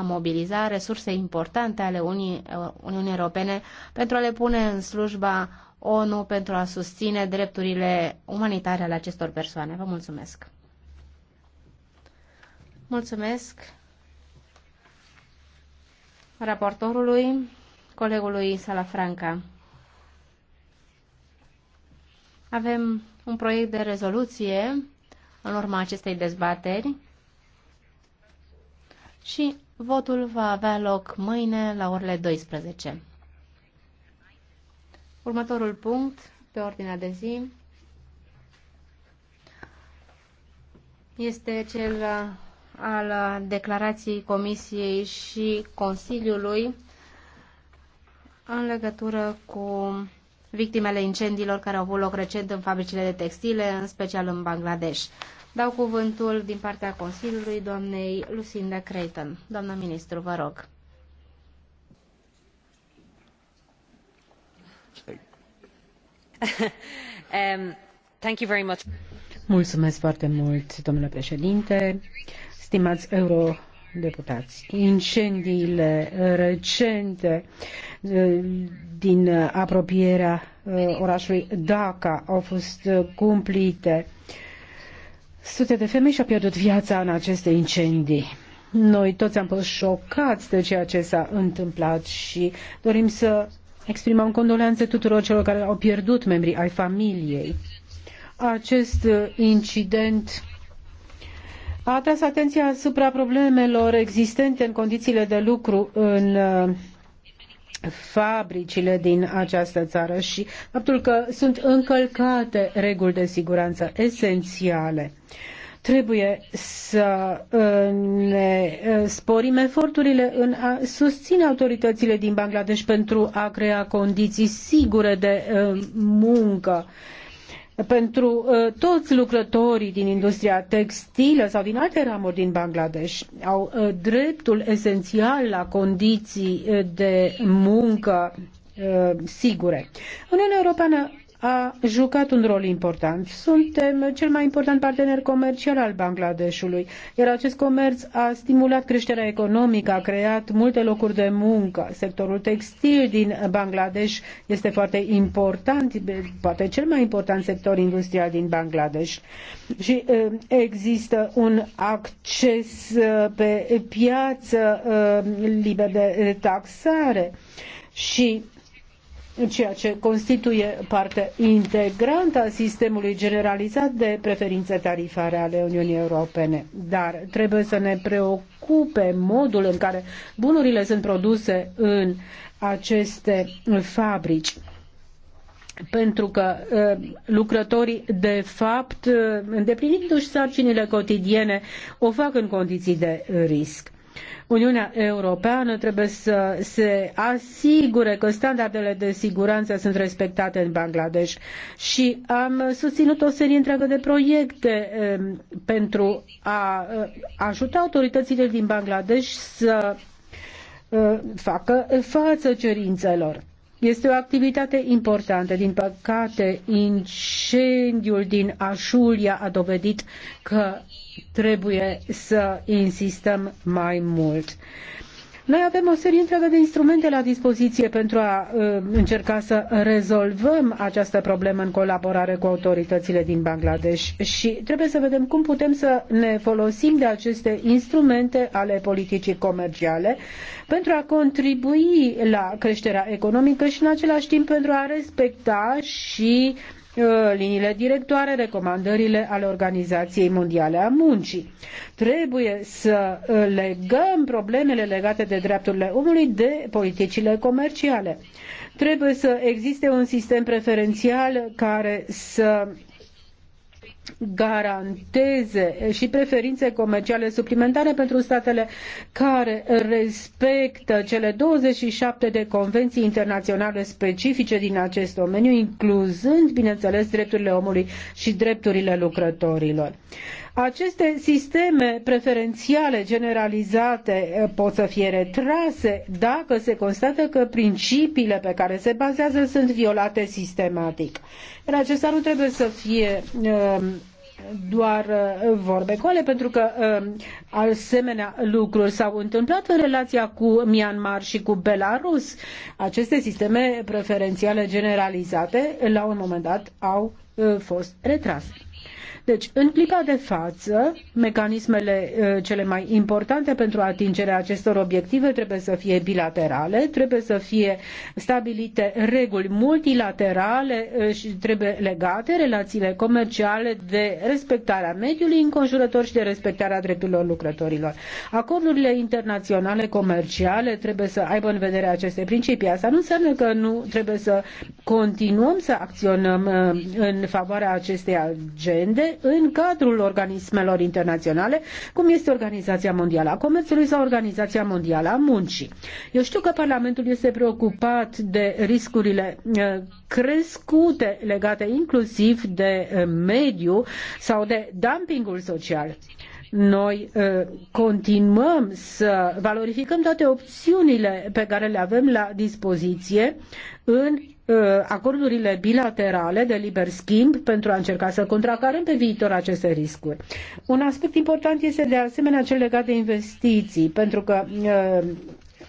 a mobiliza resurse importante ale Unii, uh, Uniunii Europene pentru a le pune în slujba ONU pentru a susține drepturile umanitare ale acestor persoane. Vă mulțumesc! Mulțumesc raportorului, colegului Salafranca. Avem un proiect de rezoluție în urma acestei dezbateri și Votul va avea loc mâine la orele 12. Următorul punct pe ordinea de zi este cel al declarației Comisiei și Consiliului în legătură cu victimele incendiilor care au avut loc recent în fabricile de textile, în special în Bangladesh. Dau cuvântul din partea Consiliului doamnei Lucinda Creighton. Doamna ministru, vă rog. um, thank you very much. Mulțumesc foarte mult, domnule președinte, stimați euro deputați. Incendiile recente uh, din apropierea uh, orașului Dhaka au fost uh, cumplite uh, Sute de femei și-au pierdut viața în aceste incendii. Noi toți am fost șocați de ceea ce s-a întâmplat și dorim să exprimăm condolențe tuturor celor care au pierdut membrii ai familiei. Acest uh, incident a atras atenția asupra problemelor existente în condițiile de lucru în uh, fabricile din această țară și faptul că sunt încălcate reguli de siguranță esențiale. Trebuie să uh, ne uh, sporim eforturile în a susține autoritățile din Bangladesh pentru a crea condiții sigure de uh, muncă pentru uh, toți lucrătorii din industria textilă sau din alte ramuri din Bangladesh au uh, dreptul esențial la condiții uh, de muncă sigure. Uniunea Europeană a jucat un rol important. Suntem cel mai important partener comercial al Bangladeshului, iar acest comerț a stimulat creșterea economică, a creat multe locuri de muncă. Sectorul textil din Bangladesh este foarte important, poate cel mai important sector industrial din Bangladesh. Și există un acces pe piață liber de taxare și ceea ce constituie parte integrantă a sistemului generalizat de preferințe tarifare ale Uniunii Europene. Dar trebuie să ne preocupe modul în care bunurile sunt produse în aceste fabrici pentru că ă, lucrătorii, de fapt, ă, îndeplinindu-și sarcinile cotidiene, o fac în condiții de risc. Uniunea Europeană trebuie să se asigure că standardele de siguranță sunt respectate în Bangladesh și am susținut o serie întreagă de proiecte um, pentru a uh, ajuta autoritățile din Bangladesh să uh, facă față cerințelor. Este o activitate importantă. Din păcate, incendiul din Așulia a dovedit că trebuie să insistăm mai mult. Noi avem o serie întreagă de instrumente la dispoziție pentru a uh, încerca să rezolvăm această problemă în colaborare cu autoritățile din Bangladesh și trebuie să vedem cum putem să ne folosim de aceste instrumente ale politicii comerciale pentru a contribui la creșterea economică și în același timp pentru a respecta și uh, Uh, liniile directoare, recomandările ale Organizației Mondiale a Muncii. Trebuie să uh, legăm problemele legate de drepturile omului de politicile comerciale. Trebuie să existe un sistem preferențial care să garanteze și preferințe comerciale suplimentare pentru statele care respectă cele 27 de convenții internaționale specifice din acest domeniu, incluzând, bineînțeles, drepturile omului și drepturile lucrătorilor. Aceste sisteme preferențiale generalizate eh, pot să fie retrase dacă se constată că principiile pe care se bazează sunt violate sistematic. În acesta nu trebuie să fie ehm, doar eh, vorbe goale, pentru că ehm, asemenea lucruri s-au întâmplat în relația cu Myanmar și cu Belarus. Aceste sisteme preferențiale generalizate, la un moment dat, au eh, fost retrase. Deci, în clipa de față, mecanismele uh, cele mai importante pentru atingerea acestor obiective trebuie să fie bilaterale, trebuie să fie stabilite reguli multilaterale uh, și trebuie legate relațiile comerciale de respectarea mediului înconjurător și de respectarea drepturilor lucrătorilor. Acordurile internaționale comerciale trebuie să aibă în vedere aceste principii. Asta nu înseamnă că nu trebuie să continuăm să acționăm uh, în favoarea acestei agende, în cadrul organismelor internaționale, cum este Organizația Mondială a Comerțului sau Organizația Mondială a Muncii. Eu știu că Parlamentul este preocupat de riscurile eh, crescute legate inclusiv de eh, mediu sau de dumpingul social noi eh, continuăm să valorificăm toate opțiunile pe care le avem la dispoziție în Uh, acordurile bilaterale de liber schimb pentru a încerca să contracarăm pe viitor aceste riscuri. Un aspect important este de asemenea cel legat de investiții, pentru că uh,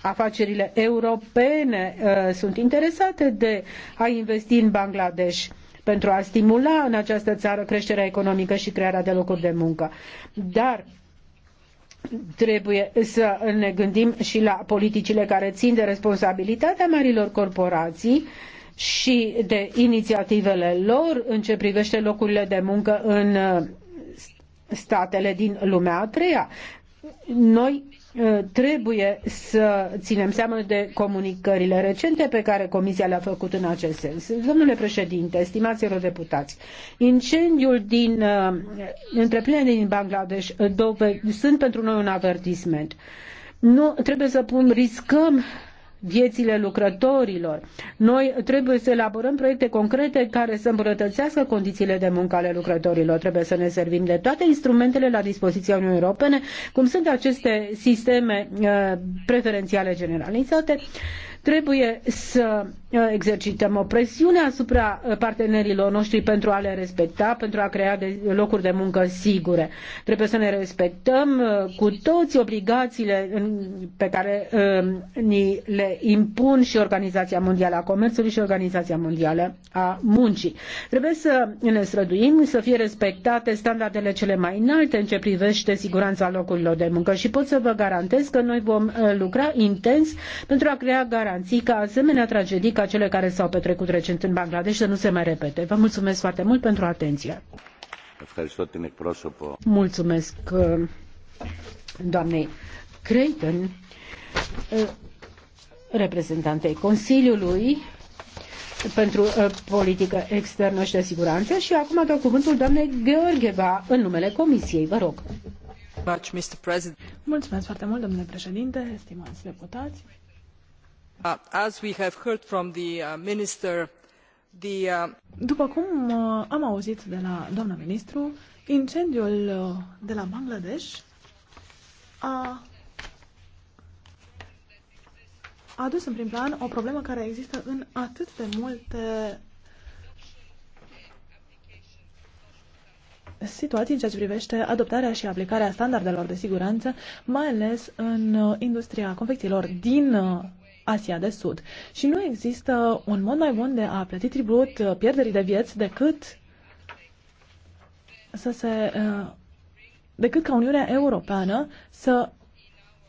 afacerile europene uh, sunt interesate de a investi în Bangladesh pentru a stimula în această țară creșterea economică și crearea de locuri de muncă. Dar trebuie să ne gândim și la politicile care țin de responsabilitatea marilor corporații uh, și de inițiativele lor în ce privește locurile de muncă în uh, statele din lumea a treia. Noi uh, trebuie să ținem seama de comunicările recente pe care Comisia le-a făcut în acest sens. Domnule președinte, stimați deputați, incendiul din uh, întreprinderea din Bangladesh dove, sunt pentru noi un avertisment. Nu trebuie să pun, riscăm viețile lucrătorilor. Noi trebuie să elaborăm proiecte concrete care să îmbunătățească condițiile de muncă ale lucrătorilor. Trebuie să ne servim de toate instrumentele la dispoziția Uniunii Europene, cum sunt aceste sisteme eh, preferențiale generalizate. Trebuie să Uh, exercităm o presiune asupra uh, partenerilor noștri pentru a le respecta, pentru a crea de locuri de muncă sigure. Trebuie să ne respectăm uh, cu toți obligațiile pe care ni le impun și Organizația Mondială a Comerțului și Organizația Mondială a Muncii. Trebuie să ne străduim să fie respectate standardele cele mai înalte în ce privește siguranța locurilor de muncă și pot să vă garantez că noi vom lucra intens pentru a crea garanții ca asemenea tragedii ca cele care s-au petrecut recent în Bangladesh să nu se mai repete. Vă mulțumesc foarte mult pentru atenție. Mulțumesc uh, doamnei Creighton, uh, reprezentantei Consiliului pentru uh, politică externă și de siguranță și acum dau cuvântul doamnei Gheorgheva în numele Comisiei. Vă rog. Mulțumesc foarte mult, domnule președinte, stimați deputați. Uh, as we have heard from the uh, minister, the, uh, După cum am auzit de la doamna ministru, incendiul de la Bangladesh a a adus în prim plan o problemă care există în atât de multe situații în ceea ce privește adoptarea și aplicarea standardelor de siguranță, mai ales în industria confecțiilor din Asia de Sud. Și nu există un mod mai bun de a plăti tribut uh, pierderii de vieți decât să se uh, decât ca Uniunea Europeană să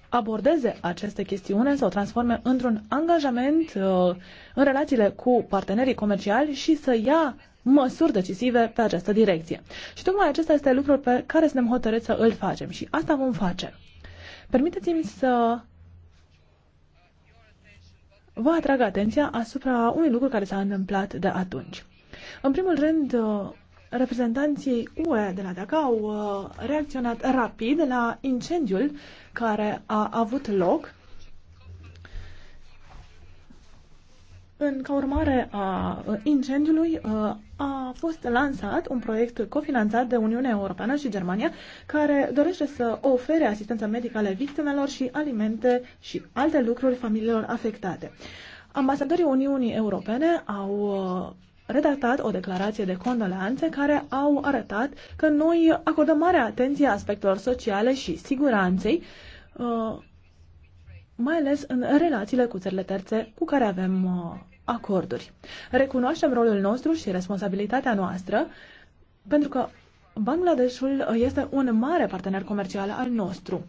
abordeze aceste chestiune, să o transforme într-un angajament uh, în relațiile cu partenerii comerciali și să ia măsuri decisive pe această direcție. Și tocmai acesta este lucrul pe care suntem hotărâți să îl facem și asta vom face. Permiteți-mi să vă atrag atenția asupra unui lucru care s-a întâmplat de atunci. În primul rând, uh, reprezentanții UE de la DACA au uh, reacționat rapid la incendiul care a avut loc În, ca urmare a uh, incendiului uh, a fost lansat un proiect cofinanțat de Uniunea Europeană și Germania care dorește să ofere asistență medicală victimelor și alimente și alte lucruri familiilor afectate. Ambasadorii Uniunii Europene au uh, redactat o declarație de condoleanțe care au arătat că noi acordăm mare atenție aspectelor sociale și siguranței mai ales în relațiile cu țările terțe cu care avem acorduri. Recunoaștem rolul nostru și responsabilitatea noastră pentru că Bangladeshul este un mare partener comercial al nostru.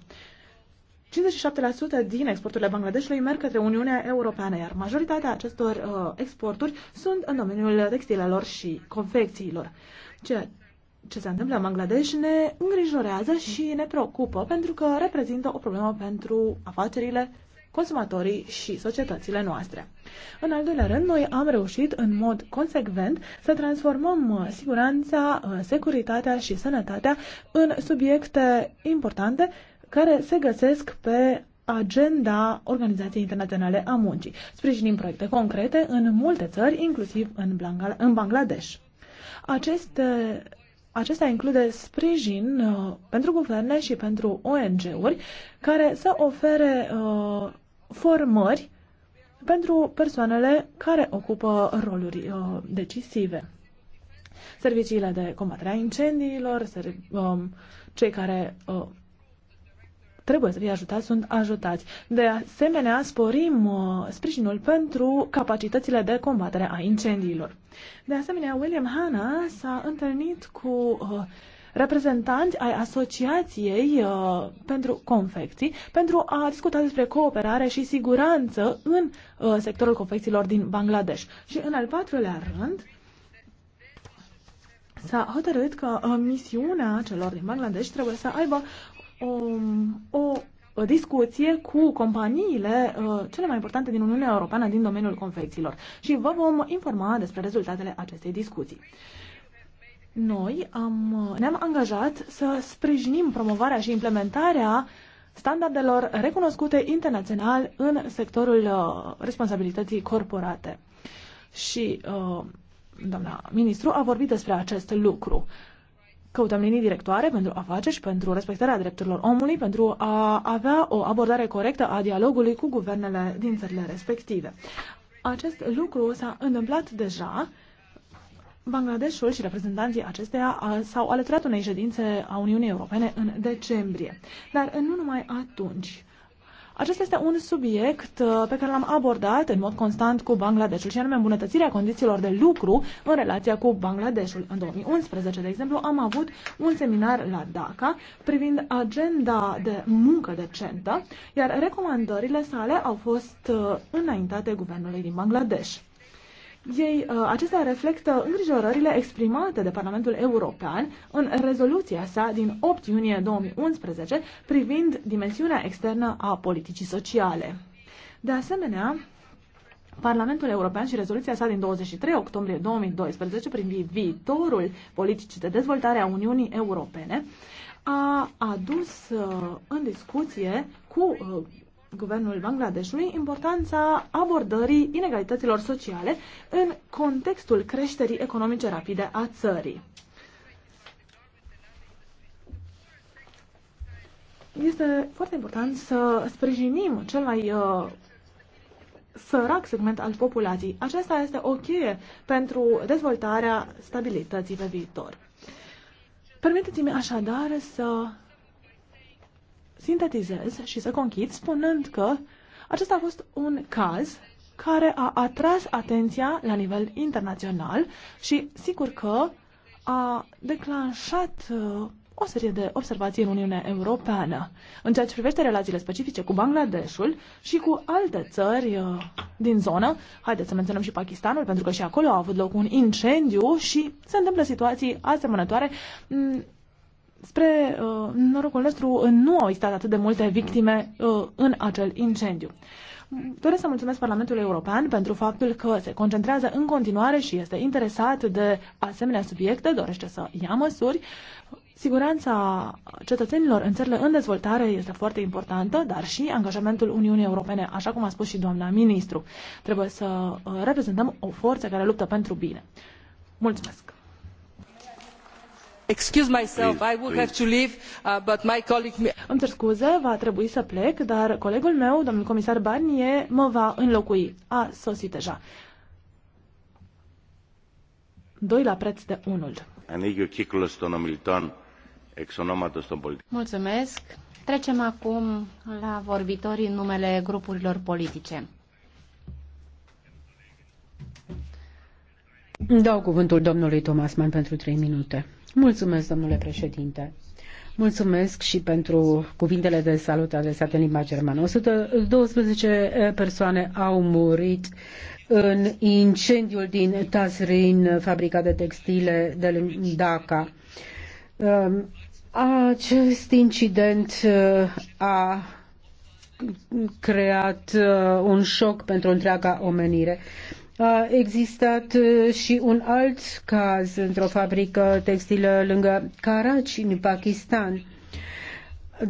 57% din exporturile Bangladeshului merg către Uniunea Europeană, iar majoritatea acestor uh, exporturi sunt în domeniul textilelor și confecțiilor. Ceea ce se întâmplă în Bangladesh ne îngrijorează și ne preocupă pentru că reprezintă o problemă pentru afacerile consumatorii și societățile noastre. În al doilea rând, noi am reușit în mod consecvent să transformăm uh, siguranța, uh, securitatea și sănătatea în subiecte importante care se găsesc pe agenda Organizației Internaționale a Muncii. Sprijinim proiecte concrete în multe țări, inclusiv în, în Bangladesh. Aceste, uh, acesta include sprijin uh, pentru guverne și pentru ONG-uri care să ofere uh, formări pentru persoanele care ocupă roluri uh, decisive. Serviciile de combatere a incendiilor, ser, um, cei care uh, trebuie să fie ajutați sunt ajutați. De asemenea, sporim uh, sprijinul pentru capacitățile de combatere a incendiilor. De asemenea, William Hanna s-a întâlnit cu uh, reprezentanți ai Asociației uh, pentru Confecții pentru a discuta despre cooperare și siguranță în uh, sectorul confecțiilor din Bangladesh. Și în al patrulea rând, s-a hotărât că uh, misiunea celor din Bangladesh trebuie să aibă um, o o discuție cu companiile uh, cele mai importante din Uniunea Europeană din domeniul confecțiilor și vă vom informa despre rezultatele acestei discuții. Noi am, ne-am angajat să sprijinim promovarea și implementarea standardelor recunoscute internațional în sectorul uh, responsabilității corporate. Și uh, doamna ministru a vorbit despre acest lucru. Căutăm linii directoare pentru face și pentru respectarea drepturilor omului, pentru a avea o abordare corectă a dialogului cu guvernele din țările respective. Acest lucru s-a întâmplat deja Bangladeshul și reprezentanții acesteia s-au alăturat unei ședințe a Uniunii Europene în decembrie. Dar nu numai atunci. Acesta este un subiect uh, pe care l-am abordat în mod constant cu Bangladeshul și anume îmbunătățirea condițiilor de lucru în relația cu Bangladeshul. În 2011, de exemplu, am avut un seminar la Daca privind agenda de muncă decentă, iar recomandările sale au fost uh, înaintate guvernului din Bangladesh ei, uh, acestea reflectă îngrijorările exprimate de Parlamentul European în rezoluția sa din 8 iunie 2011 privind dimensiunea externă a politicii sociale. De asemenea, Parlamentul European și rezoluția sa din 23 octombrie 2012 privind viitorul politicii de dezvoltare a Uniunii Europene a adus uh, în discuție cu uh, guvernul Bangladeshului importanța abordării inegalităților sociale în contextul creșterii economice rapide a țării. Este foarte important să sprijinim cel mai uh, sărac segment al populației. Aceasta este o cheie pentru dezvoltarea stabilității pe viitor. Permiteți-mi așadar să sintetizez și să conchid spunând că acesta a fost un caz care a atras atenția la nivel internațional și sigur că a declanșat uh, o serie de observații în Uniunea Europeană în ceea ce privește relațiile specifice cu Bangladeshul și cu alte țări uh, din zonă. Haideți să menționăm și Pakistanul, pentru că și acolo a avut loc un incendiu și se întâmplă situații asemănătoare mm, spre uh, norocul nostru, nu au existat atât de multe victime uh, în acel incendiu. Doresc să mulțumesc Parlamentului European pentru faptul că se concentrează în continuare și este interesat de asemenea subiecte, dorește să ia măsuri. Siguranța cetățenilor în țările în dezvoltare este foarte importantă, dar și angajamentul Uniunii Europene, așa cum a spus și doamna ministru. Trebuie să uh, reprezentăm o forță care luptă pentru bine. Mulțumesc! excuse myself, I would uh, va trebui să plec, dar colegul meu, domnul comisar Barnier, mă va înlocui. A sosit deja. Doi la preț de unul. Ανοίγει ο κύκλος των ομιλητών εξ ονόματος Mulțumesc. Trecem acum la vorbitorii în numele grupurilor politice. Dau cuvântul domnului Thomasman pentru trei minute. Mulțumesc, domnule președinte. Mulțumesc și pentru cuvintele de salut adresate în limba germană. 112 eh, persoane au murit în incendiul din Tazrin, fabrica de textile de Daca. Ehm, acest incident eh, a creat eh, un șoc pentru întreaga omenire. A existat și un alt caz într-o fabrică textilă lângă Karachi, în Pakistan.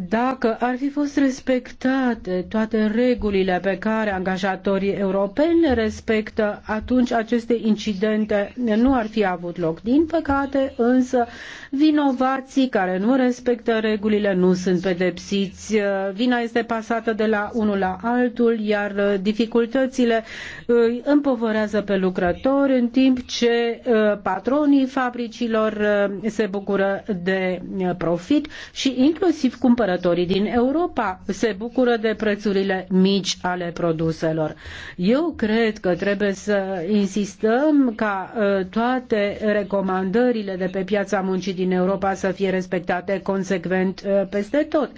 Dacă ar fi fost respectate toate regulile pe care angajatorii europeni le respectă, atunci aceste incidente nu ar fi avut loc. Din păcate, însă, vinovații care nu respectă regulile nu sunt pedepsiți. Vina este pasată de la unul la altul, iar dificultățile îi împovărează pe lucrători, în timp ce uh, patronii fabricilor uh, se bucură de uh, profit și inclusiv cum cumpărătorii din Europa se bucură de prețurile mici ale produselor. Eu cred că trebuie să insistăm ca ă, toate recomandările de pe piața muncii din Europa să fie respectate consecvent ă, peste tot.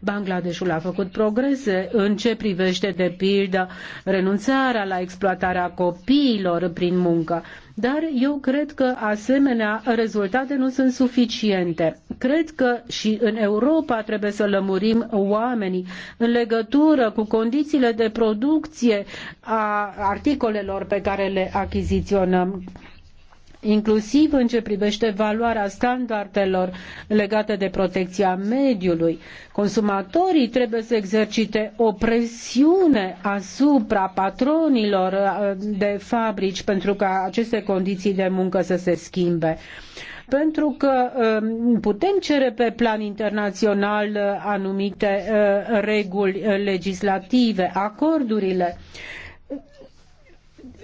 Bangladeshul a făcut progrese în ce privește de pildă renunțarea la exploatarea copiilor prin muncă. Dar eu cred că asemenea rezultate nu sunt suficiente. Cred că și în Europa trebuie să lămurim oamenii în legătură cu condițiile de producție a articolelor pe care le achiziționăm inclusiv în ce privește valoarea standardelor legate de protecția mediului. Consumatorii trebuie să exercite o presiune asupra patronilor uh, de fabrici pentru ca aceste condiții de muncă să se schimbe pentru că um, putem cere pe plan internațional uh, anumite uh, reguli legislative, acordurile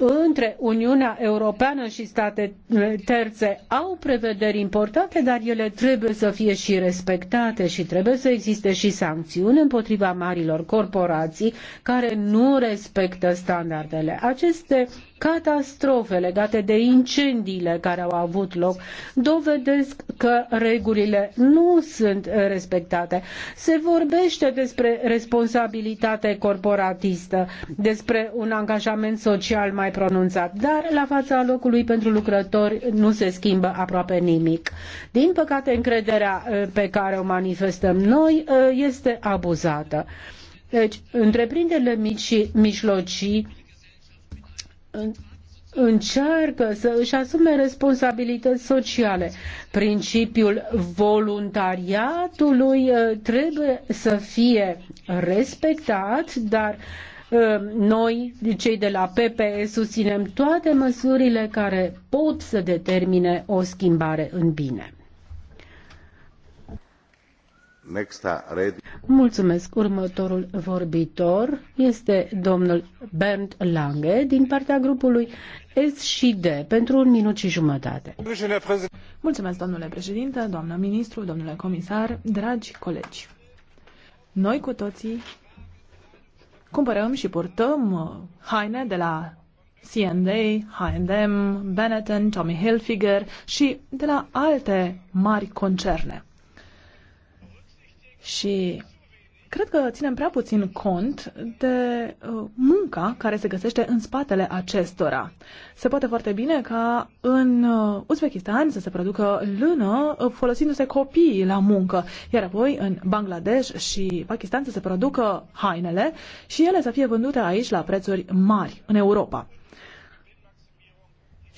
între Uniunea Europeană și statele eh, terțe au prevederi importante, dar ele trebuie să fie și respectate și trebuie să existe și sancțiuni împotriva marilor corporații care nu respectă standardele. Aceste catastrofe legate de incendiile care au avut loc dovedesc că regulile nu sunt respectate. Se vorbește despre responsabilitate corporatistă, despre un angajament social mai pronunțat, dar la fața locului pentru lucrători nu se schimbă aproape nimic. Din păcate, încrederea eh, pe care o manifestăm noi eh, este abuzată. Deci, întreprinderile mici și mijlocii în încearcă să își asume responsabilități sociale. Principiul voluntariatului uh, trebuie să fie respectat, dar uh, noi, cei de la PPE, susținem toate măsurile care pot să determine o schimbare în bine. Mulțumesc. Următorul vorbitor este domnul Bernd Lange din partea grupului S și D pentru un minut și jumătate. Mulțumesc, domnule președinte, doamnă ministru, domnule comisar, dragi colegi. Noi cu toții cumpărăm și purtăm uh, haine de la C&A, H&M, Benetton, Tommy Hilfiger și de la alte mari concerne și cred că ținem prea puțin cont de uh, munca care se găsește în spatele acestora. Se poate foarte bine ca în uh, Uzbekistan să se producă lână uh, folosindu-se copiii la muncă, iar apoi în Bangladesh și Pakistan să se producă hainele și ele să fie vândute aici la prețuri mari, în Europa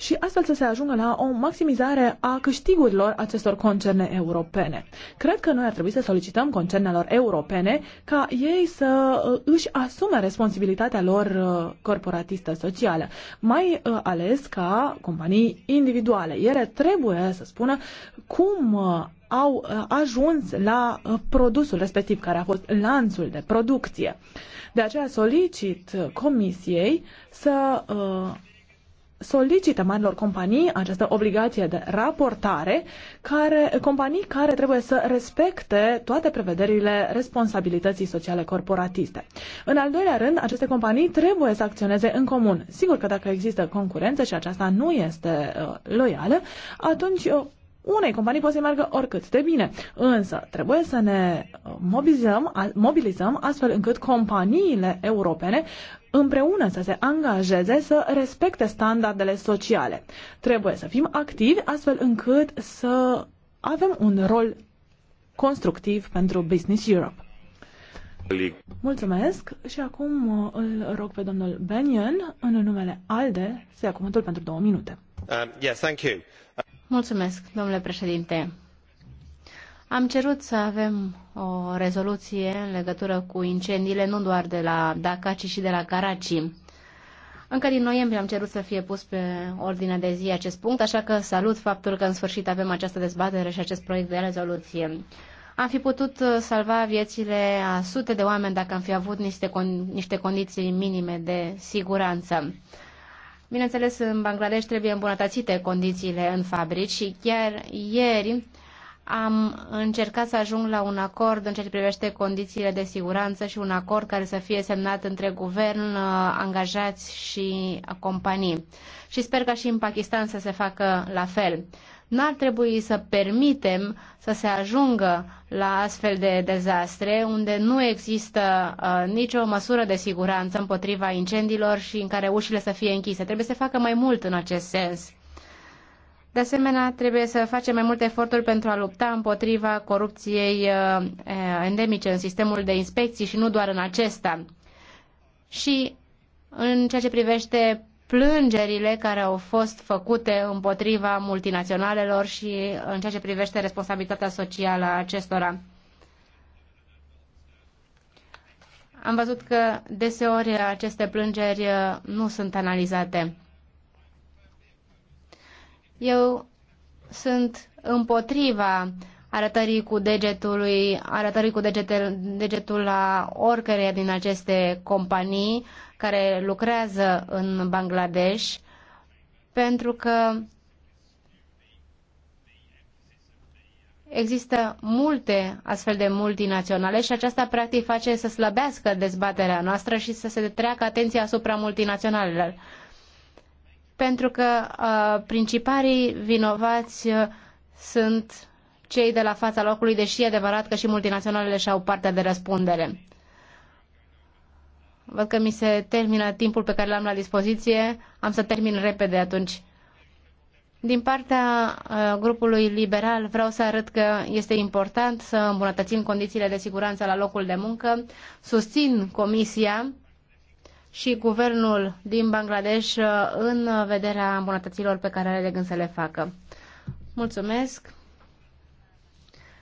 și astfel să se ajungă la o maximizare a câștigurilor acestor concerne europene. Cred că noi ar trebui să solicităm concernelor europene ca ei să uh, își asume responsabilitatea lor uh, corporatistă socială, mai uh, ales ca companii individuale. Ele trebuie să spună cum au ajuns la produsul respectiv, care a fost lanțul de producție. De aceea solicit Comisiei să solicită marilor companii această obligație de raportare, care, companii care trebuie să respecte toate prevederile responsabilității sociale corporatiste. În al doilea rând, aceste companii trebuie să acționeze în comun. Sigur că dacă există concurență și aceasta nu este uh, loială, atunci uh, unei companii poate să meargă oricât de bine. Însă trebuie să ne uh, mobilizăm, mobilizăm astfel încât companiile europene împreună să se angajeze să respecte standardele sociale. Trebuie să fim activi astfel încât să avem un rol constructiv pentru Business Europe. Mulțumesc și acum uh, îl rog pe domnul Benion în numele ALDE să ia cuvântul pentru două minute. Uh, thank you. Uh... Mulțumesc, domnule președinte. Am cerut să avem o rezoluție în legătură cu incendiile nu doar de la Dhaka, ci și de la Karachi. Încă din noiembrie am cerut să fie pus pe ordinea de zi acest punct, așa că salut faptul că în sfârșit avem această dezbatere și acest proiect de rezoluție. Am fi putut uh, salva viețile a sute de oameni dacă am fi avut niște, con- niște condiții minime de siguranță. Bineînțeles, în Bangladesh trebuie îmbunătățite condițiile în fabrici și chiar ieri am încercat să ajung la un acord în ceea ce privește condițiile de siguranță și un acord care să fie semnat între guvern, uh, angajați și companii. Și sper ca și în Pakistan să se facă la fel. Nu ar trebui să permitem să se ajungă la astfel de dezastre unde nu există uh, nicio măsură de siguranță împotriva incendiilor și în care ușile să fie închise. Trebuie să facă mai mult în acest sens. De asemenea, trebuie să facem mai multe eforturi pentru a lupta împotriva corupției uh, eh, endemice în sistemul de inspecții și nu doar în acesta. Și în ceea ce privește plângerile care au fost făcute împotriva multinaționalelor și în ceea ce privește responsabilitatea socială a acestora. Am văzut că deseori aceste plângeri uh, nu sunt analizate. Eu sunt împotriva arătării cu degetului, arătării cu degetul, degetul la oricare din aceste companii care lucrează în Bangladesh, pentru că Există multe astfel de multinaționale și aceasta practic face să slăbească dezbaterea noastră și să se treacă atenția asupra multinaționalelor pentru că uh, principalii vinovați uh, sunt cei de la fața locului, deși e adevărat că și multinaționalele și-au partea de răspundere. Văd că mi se termină timpul pe care l-am la dispoziție. Am să termin repede atunci. Din partea uh, grupului liberal vreau să arăt că este important să îmbunătățim condițiile de siguranță la locul de muncă. Susțin comisia și guvernul din Bangladesh uh, în vederea îmbunătăților pe care are de gând să le facă. Mulțumesc.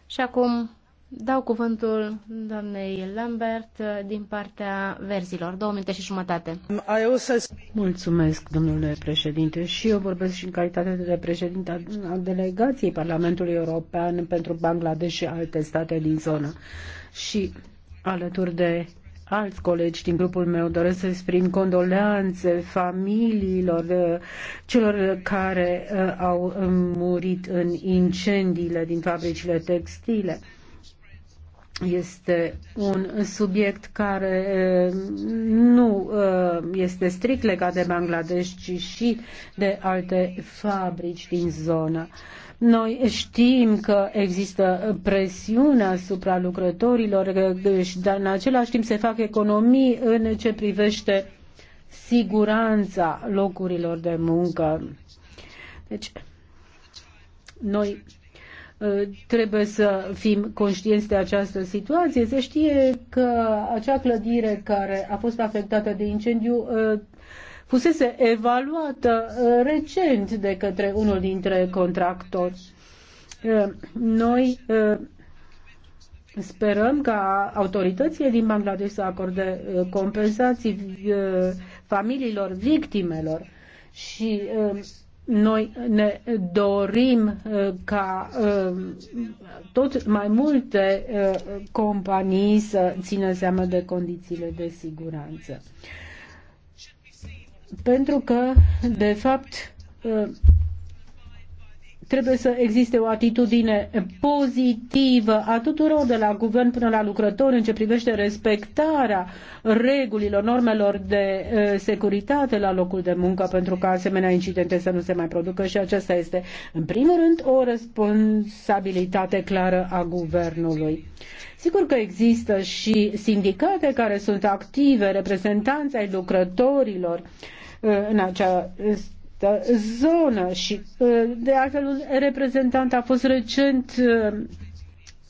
Și acum dau cuvântul doamnei Lambert uh, din partea verzilor. Două minute și jumătate. Mulțumesc, domnule președinte. Și eu vorbesc și în calitate de președinte a delegației Parlamentului European pentru Bangladesh și alte state din zonă. Și alături de alți colegi din grupul meu doresc să exprim condoleanțe familiilor uh, celor care uh, au uh, murit în incendiile din fabricile textile. Este un subiect care nu este strict legat de Bangladesh, ci și de alte fabrici din zonă. Noi știm că există presiune asupra lucrătorilor, dar în același timp se fac economii în ce privește siguranța locurilor de muncă. Deci, noi ă, trebuie să fim conștienți de această situație. Se știe că acea clădire care a fost afectată de incendiu ă, fusese evaluată uh, recent de către unul dintre contractori. Uh, noi uh, sperăm ca autoritățile din Bangladesh să acorde compensații familiilor victimelor și noi ne dorim ca tot mai multe companii să țină seama de condițiile de siguranță pentru că, de fapt, ă, trebuie să existe o atitudine pozitivă a tuturor, de la guvern până la lucrători, în ce privește respectarea regulilor, normelor de ă, securitate la locul de muncă, pentru ca asemenea incidente să nu se mai producă și aceasta este, în primul rând, o responsabilitate clară a guvernului. Sigur că există și sindicate care sunt active, reprezentanți ai lucrătorilor, în acea zonă și uh, de altfel un reprezentant a fost recent uh,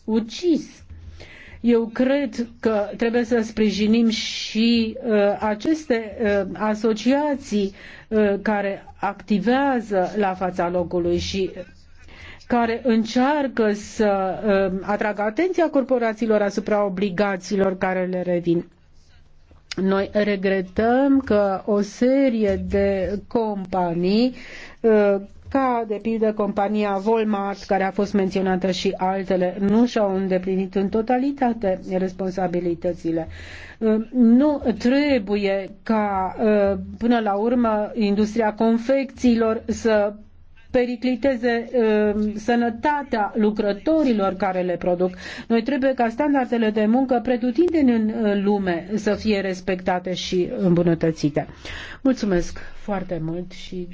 ucis. Eu cred că trebuie să sprijinim și uh, aceste asociații care activează la fața locului și care încearcă să uh, atragă atenția corporațiilor asupra obligațiilor care le revin. Noi regretăm că o serie de companii uh, ca de pildă compania Walmart, care a fost menționată și altele, nu și-au îndeplinit în totalitate responsabilitățile. Uh, nu trebuie ca uh, până la urmă industria confecțiilor să pericliteze uh, sănătatea lucrătorilor care le produc. Noi trebuie ca standardele de muncă pretutindeni în uh, lume să fie respectate și îmbunătățite. Mulțumesc foarte mult și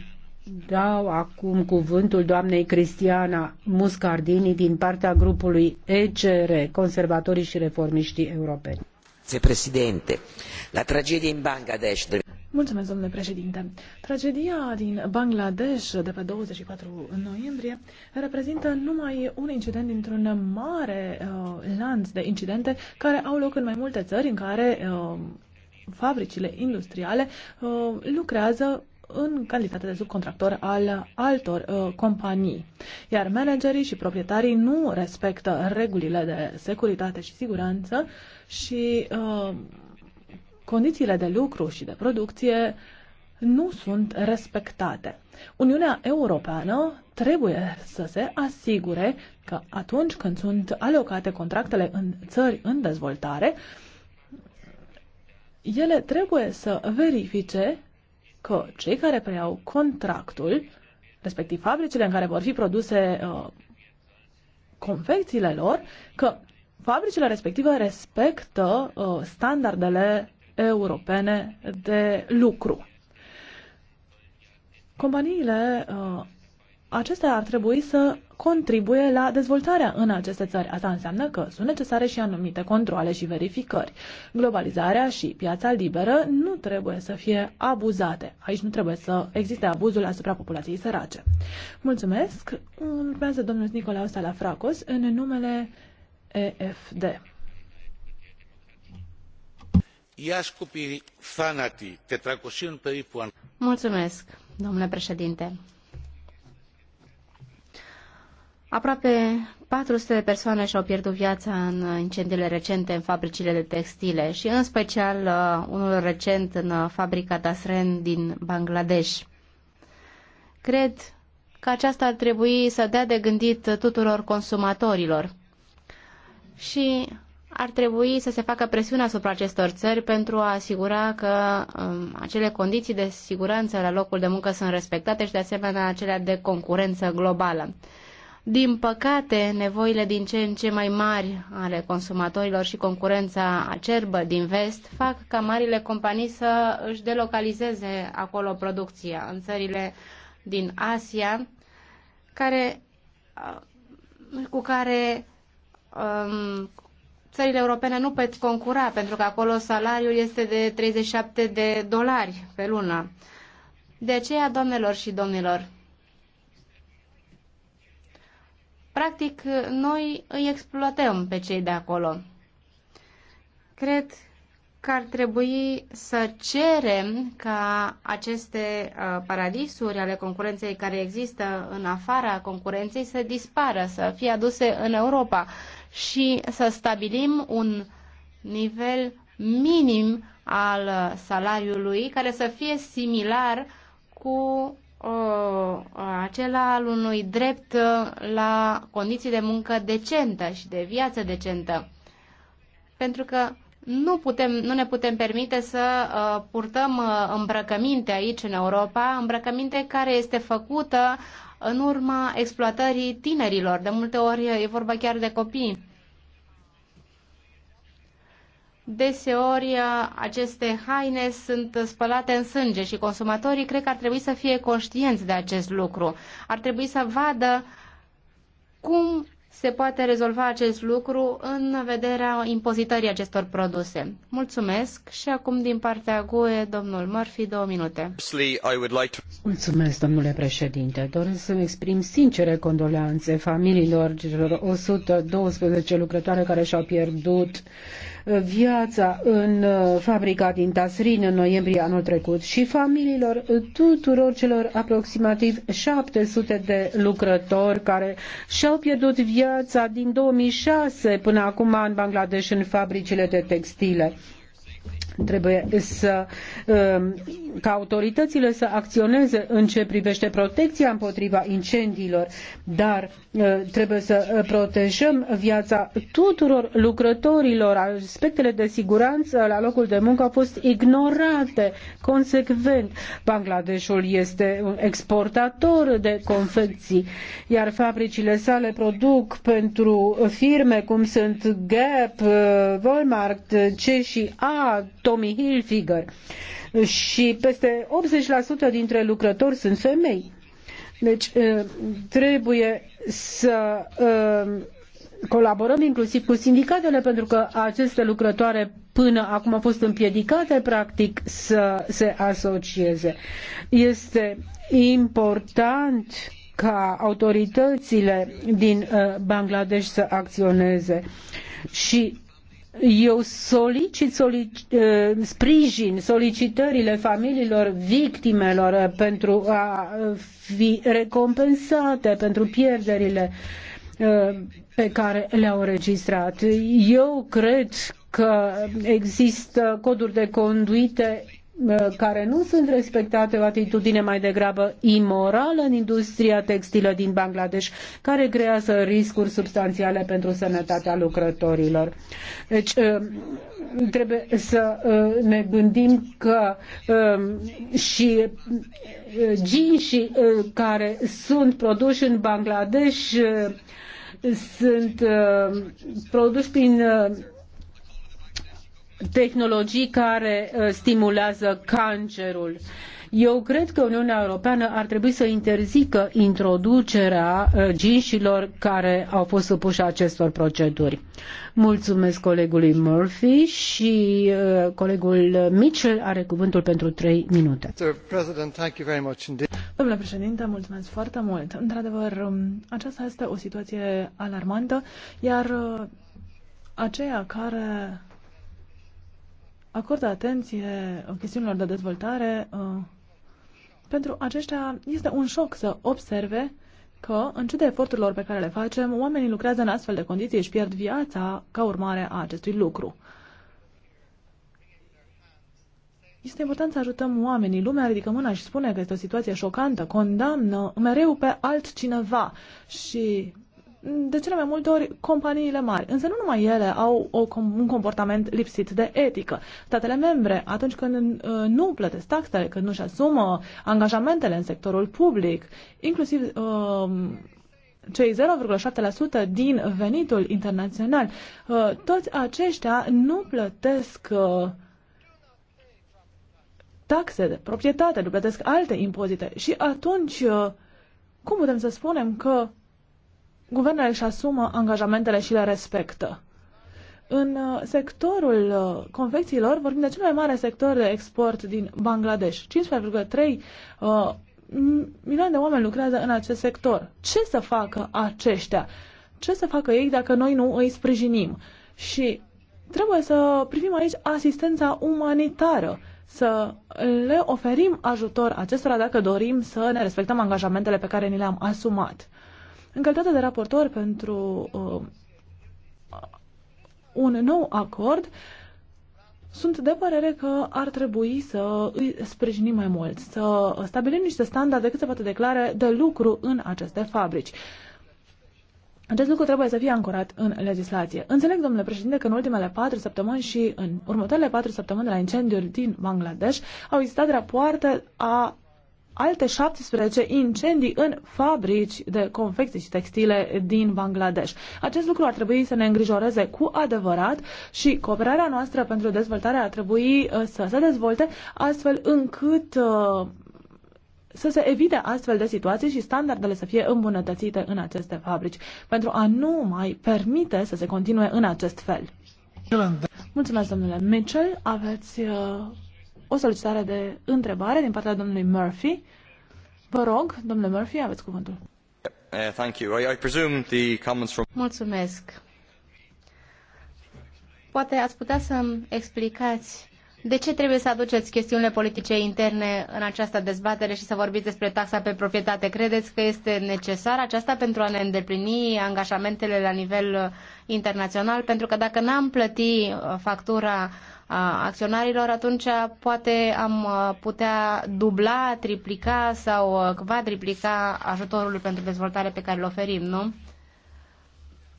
dau acum cuvântul doamnei Cristiana Muscardini din partea grupului ECR, Conservatorii și Reformiștii Europeni. Se presidente, la tragedie în Bangladesh Mulțumesc, domnule președinte. Tragedia din Bangladesh de pe 24 noiembrie reprezintă numai un incident dintr-un mare uh, lanț de incidente care au loc în mai multe țări în care uh, fabricile industriale uh, lucrează în calitate de subcontractor al altor uh, companii. Iar managerii și proprietarii nu respectă regulile de securitate și siguranță și uh, condițiile de lucru și de producție nu sunt respectate. Uniunea Europeană trebuie să se asigure că atunci când sunt alocate contractele în țări în dezvoltare, ele trebuie să verifice că cei care preiau contractul, respectiv fabricile în care vor fi produse uh, confecțiile lor, că fabricile respective respectă uh, standardele europene de lucru. Companiile uh, acestea ar trebui să contribuie la dezvoltarea în aceste țări. Asta înseamnă că sunt necesare și anumite controle și verificări. Globalizarea și piața liberă nu trebuie să fie abuzate. Aici nu trebuie să existe abuzul asupra populației sărace. Mulțumesc. Urmează domnul Nicolae Salafracos în numele EFD aproape patru sute Mulțumesc, domnule președinte. Aproape 400 de persoane și-au pierdut viața în incendiile recente în fabricile de textile și în special uh, unul recent în uh, fabrica Tasren din Bangladesh. Cred că aceasta ar trebui să dea de gândit tuturor consumatorilor. Și ar trebui să se facă presiune asupra acestor țări pentru a asigura că um, acele condiții de siguranță la locul de muncă sunt respectate și de asemenea acelea de concurență globală. Din păcate, nevoile din ce în ce mai mari ale consumatorilor și concurența acerbă din vest fac ca marile companii să își delocalizeze acolo producția în țările din Asia, care, uh, cu care um, țările europene nu pot concura, pentru că acolo salariul este de 37 de dolari pe lună. De aceea, domnilor și domnilor, practic, noi îi exploatăm pe cei de acolo. Cred că ar trebui să cerem ca aceste uh, paradisuri ale concurenței care există în afara concurenței să dispară, să fie aduse în Europa și să stabilim un nivel minim al salariului care să fie similar cu uh, acela al unui drept la condiții de muncă decentă și de viață decentă. Pentru că nu, putem, nu ne putem permite să uh, purtăm uh, îmbrăcăminte aici în Europa, îmbrăcăminte care este făcută în urma exploatării tinerilor. De multe ori e vorba chiar de copii. Deseori aceste haine sunt spălate în sânge și consumatorii cred că ar trebui să fie conștienți de acest lucru. Ar trebui să vadă cum se poate rezolva acest lucru în vederea impozitării acestor produse. Mulțumesc și acum din partea GUE, domnul Murphy, două minute. Mulțumesc, domnule președinte. Doresc să-mi exprim sincere condoleanțe familiilor celor 112 lucrătoare care și-au pierdut viața în uh, fabrica din Tasrin în noiembrie anul trecut și familiilor uh, tuturor celor aproximativ 700 de lucrători care și-au pierdut viața din 2006 până acum în Bangladesh în fabricile de textile. Trebuie să, um, ca autoritățile să acționeze în ce privește protecția împotriva incendiilor, dar uh, trebuie să protejăm viața tuturor lucrătorilor. Aspectele de siguranță la locul de muncă au fost ignorate consecvent. Bangladeshul este un exportator de confecții, iar fabricile sale produc pentru firme cum sunt Gap, uh, Walmart, C și A, Tommy Hilfiger și peste 80% dintre lucrători sunt femei. Deci trebuie să colaborăm inclusiv cu sindicatele pentru că aceste lucrătoare până acum au fost împiedicate practic să se asocieze. Este important ca autoritățile din Bangladesh să acționeze și eu solicit, solicit eh, sprijin solicitările familiilor victimelor eh, pentru a eh, fi recompensate pentru pierderile pe care le-au înregistrat. Eu cred că există coduri de conduite Uh, care nu sunt respectate, o atitudine mai degrabă imorală în industria textilă din Bangladesh, care creează riscuri substanțiale pentru sănătatea lucrătorilor. Deci, uh, trebuie să uh, ne gândim că și ginșii care sunt produși în Bangladesh sunt produși prin tehnologii care uh, stimulează cancerul. Eu cred că Uniunea Europeană ar trebui să interzică introducerea uh, ginșilor care au fost supuși acestor proceduri. Mulțumesc colegului Murphy și uh, colegul Mitchell are cuvântul pentru trei minute. Domnule președinte, mulțumesc foarte mult. Într-adevăr, um, aceasta este o situație alarmantă, iar aceia care acordă atenție uh, chestiunilor de dezvoltare, uh, pentru aceștia este un șoc să observe că, în ciuda eforturilor pe care le facem, oamenii lucrează în astfel de condiții, și pierd viața ca urmare a acestui lucru. Este important să ajutăm oamenii. Lumea ridică mâna și spune că este o situație șocantă, condamnă mereu pe altcineva și de cele mai multe ori companiile mari. Însă nu numai ele au o, un comportament lipsit de etică. Statele membre, atunci când uh, nu plătesc taxele, când nu-și asumă angajamentele în sectorul public, inclusiv uh, cei 0,7% din venitul internațional, uh, toți aceștia nu plătesc uh, taxe de proprietate, nu plătesc alte impozite. Și atunci, uh, cum putem să spunem că guvernele își asumă angajamentele și le respectă. În uh, sectorul uh, confecțiilor vorbim de cel mai mare sector de export din Bangladesh. 15,3 uh, milioane de oameni lucrează în acest sector. Ce să facă aceștia? Ce să facă ei dacă noi nu îi sprijinim? Și trebuie să privim aici asistența umanitară, să le oferim ajutor acestora dacă dorim să ne respectăm angajamentele pe care ni le-am asumat. În calitate de raportor pentru uh, un nou acord, sunt de părere că ar trebui să îi sprijinim mai mult, să stabilim niște standarde cât se poate declare de lucru în aceste fabrici. Acest lucru trebuie să fie ancorat în legislație. Înțeleg, domnule președinte, că în ultimele patru săptămâni și în următoarele patru săptămâni la incendiuri din Bangladesh au existat rapoarte a alte 17 incendii în fabrici de confecții și textile din Bangladesh. Acest lucru ar trebui să ne îngrijoreze cu adevărat și cooperarea noastră pentru dezvoltare ar trebui uh, să se dezvolte astfel încât uh, să se evite astfel de situații și standardele să fie îmbunătățite în aceste fabrici, pentru a nu mai permite să se continue în acest fel. Mulțumesc, domnule Mitchell. Aveți uh, o solicitare de întrebare din partea domnului Murphy. Vă rog, domnule Murphy, aveți cuvântul. Uh, thank you. I, I presume the comments from... Mulțumesc. Poate ați putea să-mi explicați de ce trebuie să aduceți chestiunile politice interne în această dezbatere și să vorbiți despre taxa pe proprietate? Credeți că este necesară aceasta pentru a ne îndeplini angajamentele la nivel uh, internațional? Pentru că dacă n-am plătit uh, factura acționarilor, atunci poate am uh, putea dubla, triplica sau uh, quadriplica ajutorul pentru dezvoltare pe care îl oferim, nu?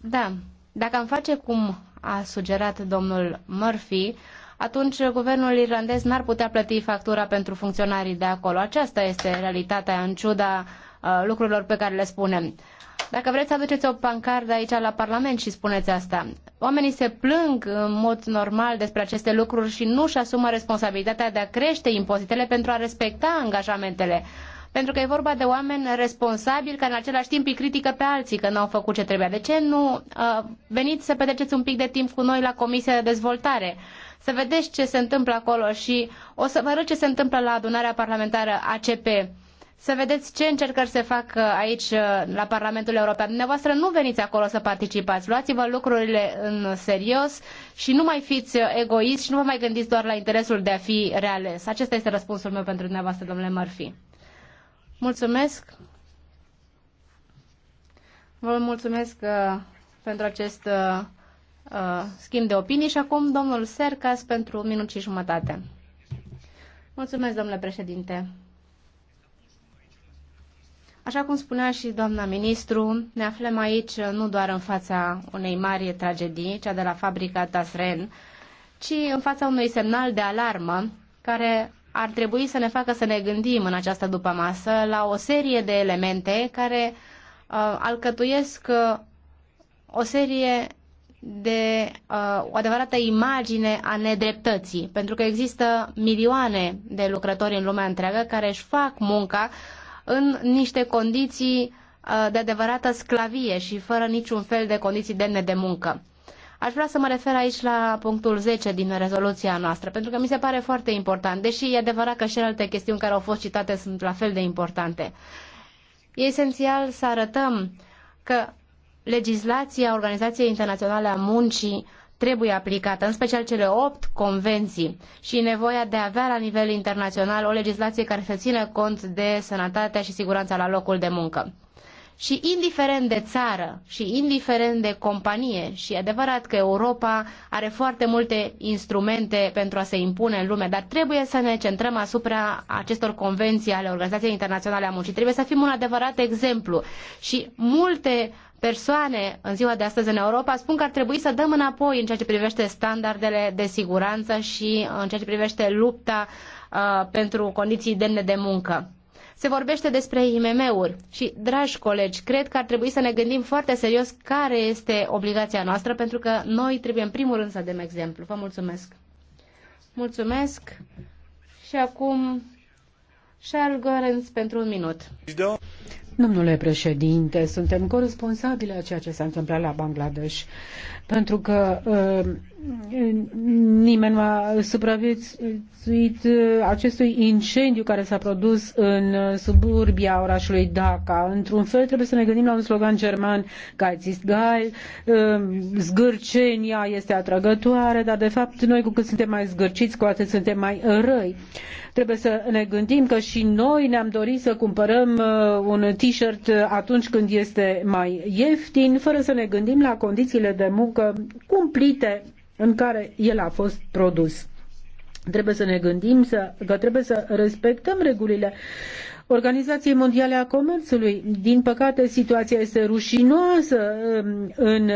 Da. Dacă am face cum a sugerat domnul Murphy, atunci guvernul irlandez n-ar putea plăti factura pentru funcționarii de acolo. Aceasta este realitatea, în ciuda uh, lucrurilor pe care le spunem. Dacă vreți, aduceți o pancardă aici la Parlament și spuneți asta. Oamenii se plâng în mod normal despre aceste lucruri și nu își asumă responsabilitatea de a crește impozitele pentru a respecta angajamentele. Pentru că e vorba de oameni responsabili care în același timp îi critică pe alții că nu au făcut ce trebuia. De ce nu uh, veniți să petreceți un pic de timp cu noi la Comisia de Dezvoltare? Să vedeți ce se întâmplă acolo și o să vă arăt ce se întâmplă la adunarea parlamentară ACP să vedeți ce încercări se fac uh, aici uh, la Parlamentul European. Dumneavoastră nu veniți acolo să participați, luați-vă lucrurile în serios și nu mai fiți uh, egoiști și nu vă mai gândiți doar la interesul de a fi reales. Acesta este răspunsul meu pentru dumneavoastră, domnule Murphy. Mulțumesc. Vă mulțumesc pentru acest schimb de opinii și acum domnul Sercas pentru minut și jumătate. Mulțumesc, domnule președinte. Așa cum spunea și doamna ministru, ne aflăm aici uh, nu doar în fața unei mari tragedii, cea de la fabrica Tasren, ci în fața unui semnal de alarmă care ar trebui să ne facă să ne gândim în această dupămasă la o serie de elemente care uh, alcătuiesc uh, o serie de uh, o adevărată imagine a nedreptății, pentru că există milioane de lucrători în lumea întreagă care își fac munca uh, în niște condiții uh, de adevărată sclavie și fără niciun fel de condiții demne de muncă. Aș vrea să mă refer aici la punctul 10 din rezoluția noastră, pentru că mi se pare foarte important, deși e adevărat că și alte chestiuni care au fost citate sunt la fel de importante. E esențial să arătăm că legislația Organizației Internaționale a Muncii trebuie aplicată, în special cele opt convenții și nevoia de a avea la nivel internațional o legislație care să țină cont de sănătatea și siguranța la locul de muncă. Și indiferent de țară și indiferent de companie, și e adevărat că Europa are foarte multe instrumente pentru a se impune în lume, dar trebuie să ne centrăm asupra acestor convenții ale Organizației Internaționale a Muncii. Trebuie să fim un adevărat exemplu. Și multe persoane în ziua de astăzi în Europa spun că ar trebui să dăm înapoi în ceea ce privește standardele de siguranță și în ceea ce privește lupta uh, pentru condiții demne de muncă. Se vorbește despre IMM-uri și, dragi colegi, cred că ar trebui să ne gândim foarte serios care este obligația noastră, pentru că noi trebuie în primul rând să dăm exemplu. Vă mulțumesc! Mulțumesc și acum Charles Gorens pentru un minut. Domnule președinte, suntem corresponsabili a ceea ce s-a întâmplat la Bangladesh, pentru că uh, nimeni nu a supraviețuit uh, acestui incendiu care s-a produs în uh, suburbia orașului Dhaka. Într-un fel trebuie să ne gândim la un slogan german, Gaitis Gai, uh, zgârcenia este atrăgătoare, dar de fapt noi cu cât suntem mai zgârciți, cu atât suntem mai răi. Uh, Trebuie să ne gândim că și noi ne-am dorit să cumpărăm uh, un t-shirt uh, atunci când este mai ieftin, fără să ne gândim la condițiile de muncă cumplite în care el a fost produs. Trebuie să ne gândim să, că trebuie să respectăm regulile Organizației Mondiale a Comerțului. Din păcate, situația este rușinoasă um, în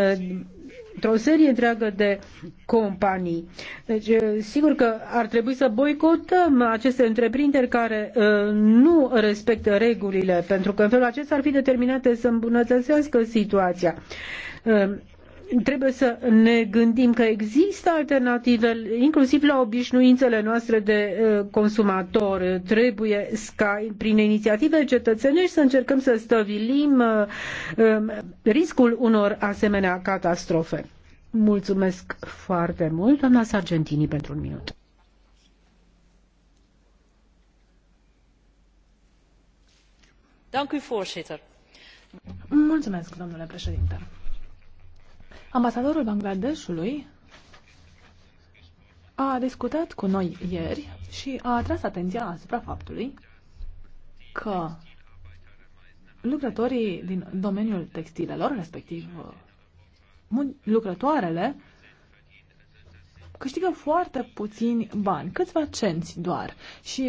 într-o serie întreagă de companii. Deci, eh, sigur că ar trebui să boicotăm aceste întreprinderi care eh, nu respectă regulile, pentru că în felul acesta ar fi determinate să îmbunătățească situația. Eh, trebuie să ne gândim că există alternative, inclusiv la obișnuințele noastre de uh, consumator. Trebuie ca prin inițiative cetățenești să încercăm să stăvilim uh, um, riscul unor asemenea catastrofe. Mulțumesc foarte mult, doamna Sargentini, pentru un minut. Mulțumesc, domnule președinte. Ambasadorul Bangladeshului a discutat cu noi ieri și a atras atenția asupra faptului că lucrătorii din domeniul textilelor, respectiv lucrătoarele, câștigă foarte puțini bani, câțiva cenți doar. Și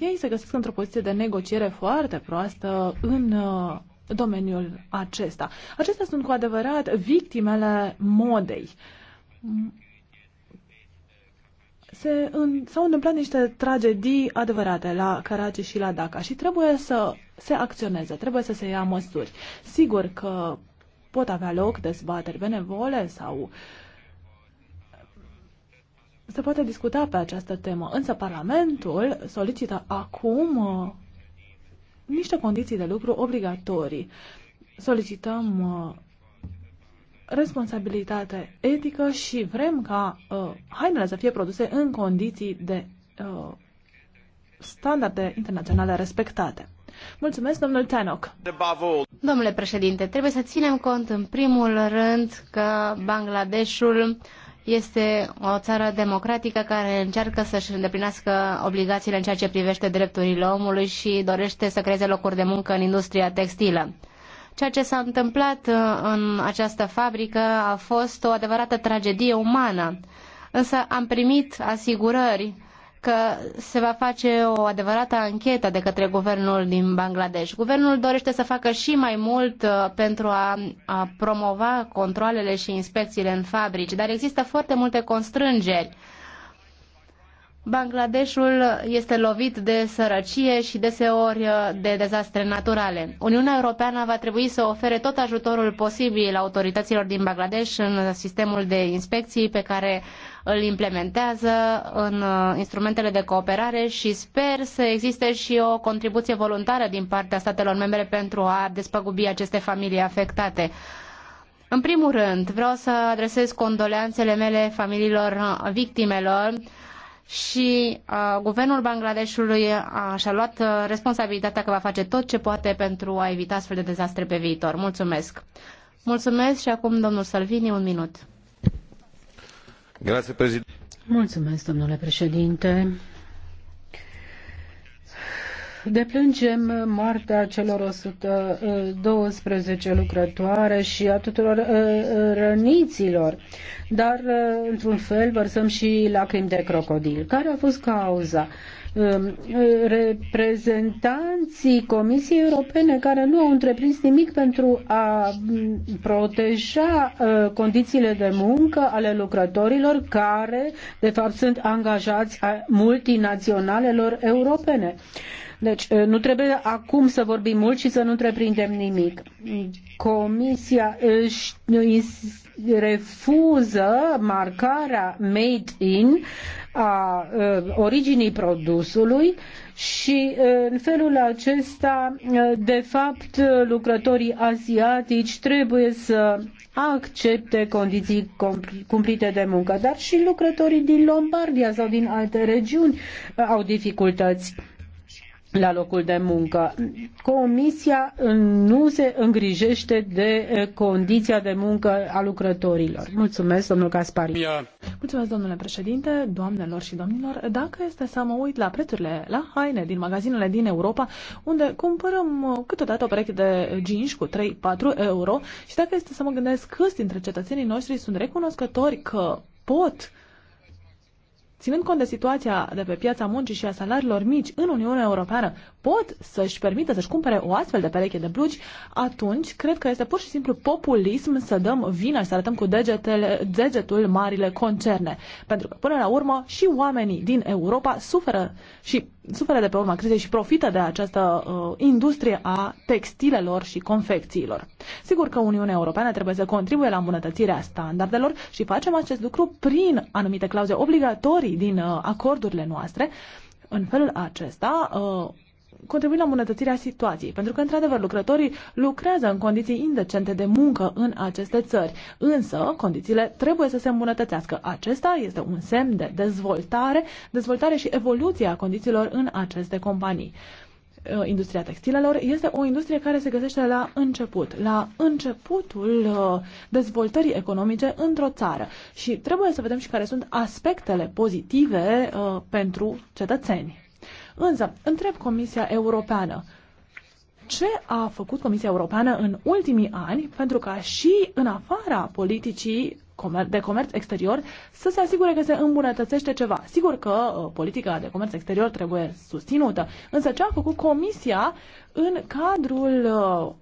ei se găsesc într-o poziție de negociere foarte proastă în uh, domeniul acesta. Acestea sunt cu adevărat victimele modei. Se s-au întâmplat niște tragedii adevărate la Karachi și la Dhaka și trebuie să se acționeze, trebuie să se ia măsuri. Sigur că pot avea loc dezbateri benevole sau se poate discuta pe această temă, însă Parlamentul solicită acum uh, niște condiții de lucru obligatorii. Solicităm uh, responsabilitate etică și vrem ca uh, hainele să fie produse în condiții de uh, standarde internaționale respectate. Mulțumesc, domnul Tenoc. Domnule președinte, trebuie să ținem cont în primul rând că Bangladeshul este o țară democratică care încearcă să-și îndeplinească obligațiile în ceea ce privește drepturile omului și dorește să creeze locuri de muncă în industria textilă. Ceea ce s-a întâmplat uh, în această fabrică a fost o adevărată tragedie umană, însă am primit asigurări că se va face o adevărată anchetă de către guvernul din Bangladesh. Guvernul dorește să facă și mai mult uh, pentru a, promova controlele și inspecțiile în fabrici, dar există foarte multe constrângeri Bangladeshul este lovit de sărăcie și deseori de dezastre naturale. Uniunea Europeană va trebui să ofere tot ajutorul posibil autorităților din Bangladesh în sistemul de inspecții pe care îl implementează în uh, instrumentele de cooperare și sper să existe și o contribuție voluntară din partea statelor membre pentru a despăgubi aceste familii afectate. În primul rând, vreau să adresez condoleanțele mele familiilor victimelor și uh, guvernul Bangladeshului și-a luat uh, responsabilitatea că va face tot ce poate pentru a evita astfel de dezastre pe viitor. Mulțumesc! Mulțumesc și acum domnul Salvini, un minut. Grazie, Mulțumesc, domnule președinte. Deplângem moartea celor 112 lucrătoare și a tuturor uh, uh, răniților, dar uh, într-un fel vărsăm și lacrimi de crocodil. Care a fost cauza? Um, reprezentanții Comisiei Europene care nu au întreprins nimic pentru a mm, proteja condițiile de muncă ale lucrătorilor care, de fapt, sunt angajați a multinaționalelor europene. Deci eh, nu trebuie acum să vorbim mult și să nu întreprindem nimic. Comisia își refuză marcarea made in a eh, originii produsului și eh, în felul acesta, de fapt, lucrătorii asiatici trebuie să accepte condiții cumplite de muncă, dar și lucrătorii din Lombardia sau din alte regiuni au dificultăți la locul de muncă. Comisia nu se îngrijește de eh, condiția de muncă a lucrătorilor. Mulțumesc, domnul Caspari. Mulțumesc, domnule președinte, doamnelor și domnilor. Dacă este să mă uit la prețurile la haine din magazinele din Europa, unde cumpărăm eh, câteodată o pereche de jeans cu 3-4 euro și dacă este să mă gândesc câți dintre cetățenii noștri sunt recunoscători că pot ținând cont de situația de pe piața muncii și a salariilor mici în Uniunea Europeană, pot să-și permită să-și cumpere o astfel de pereche de blugi, atunci cred că este pur și simplu populism să dăm vina și să arătăm cu degetele, degetul marile concerne. Pentru că, până la urmă, și oamenii din Europa suferă și suferă de pe urma crizei și profită de această uh, industrie a textilelor și confecțiilor. Sigur că Uniunea Europeană trebuie să contribuie la îmbunătățirea standardelor și facem acest lucru prin anumite clauze obligatorii din uh, acordurile noastre. În felul acesta, uh, contribui la îmbunătățirea situației, pentru că, într-adevăr, lucrătorii lucrează în condiții indecente de muncă în aceste țări, însă condițiile trebuie să se îmbunătățească. Acesta este un semn de dezvoltare, dezvoltare și evoluție a condițiilor în aceste companii uh, industria textilelor este o industrie care se găsește la început, la începutul uh, dezvoltării economice într-o țară și trebuie să vedem și care sunt aspectele pozitive uh, pentru cetățeni. Însă, întreb Comisia Europeană, ce a făcut Comisia Europeană în ultimii ani pentru ca și în afara politicii de comerț exterior să se asigure că se îmbunătățește ceva. Sigur că uh, politica de comerț exterior trebuie susținută, însă ce a făcut Comisia în cadrul uh,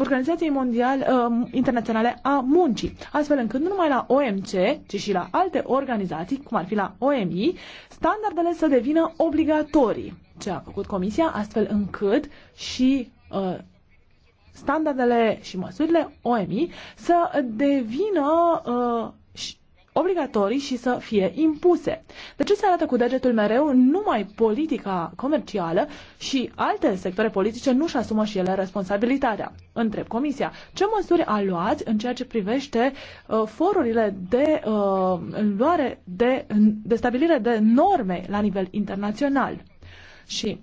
Organizației Mondiale uh, Internaționale a Muncii, astfel încât nu numai la OMC, ci și la alte organizații, cum ar fi la OMI, standardele să devină obligatorii. Ce a făcut Comisia, astfel încât și uh, standardele și măsurile OMI să devină uh, obligatorii și să fie impuse. De ce se arată cu degetul mereu numai politica comercială și alte sectoare politice nu-și asumă și ele responsabilitatea? Întreb Comisia, ce măsuri a luat în ceea ce privește uh, forurile de uh, luare de, de stabilire de norme la nivel internațional? Și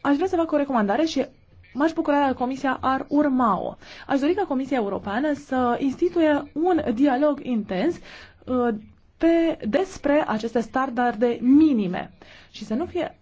aș vrea să fac o recomandare și m-aș bucura dacă Comisia ar urma-o. Aș dori ca Comisia Europeană să instituie un dialog intens uh, pe, despre aceste standarde minime și să nu fie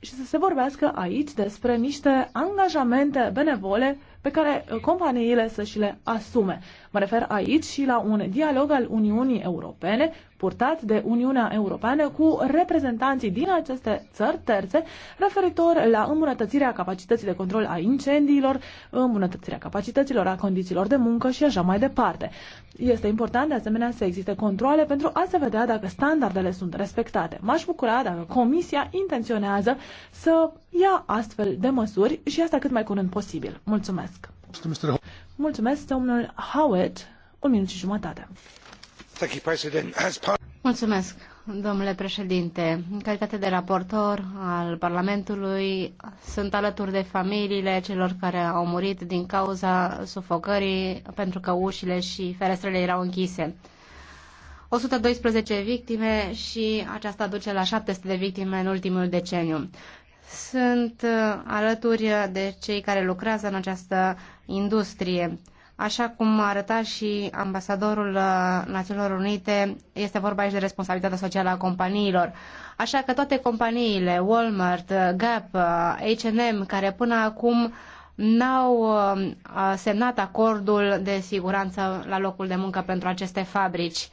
și să se vorbească aici despre niște angajamente benevole pe care uh, companiile să și le asume. Mă refer aici și la un dialog al Uniunii Europene purtat de Uniunea Europeană cu reprezentanții din aceste țări terțe referitor la îmbunătățirea capacității de control a incendiilor, îmbunătățirea capacităților, a condițiilor de muncă și așa mai departe. Este important de asemenea să existe controle pentru a se vedea dacă standardele sunt respectate. M-aș bucura dacă Comisia intenționează să ia astfel de măsuri și asta cât mai curând posibil. Mulțumesc! Mulțumesc! Mulțumesc, domnul Howard, un minut și jumătate. Mulțumesc, domnule președinte. În calitate de raportor al Parlamentului, sunt alături de familiile celor care au murit din cauza sufocării pentru că ușile și ferestrele erau închise. 112 victime și aceasta duce la 700 de victime în ultimul deceniu sunt uh, alături de cei care lucrează în această industrie. Așa cum arăta și ambasadorul uh, Națiunilor Unite, este vorba aici de responsabilitatea socială a companiilor. Așa că toate companiile, Walmart, uh, Gap, H&M, care până acum n-au semnat acordul de siguranță la locul de muncă pentru aceste fabrici.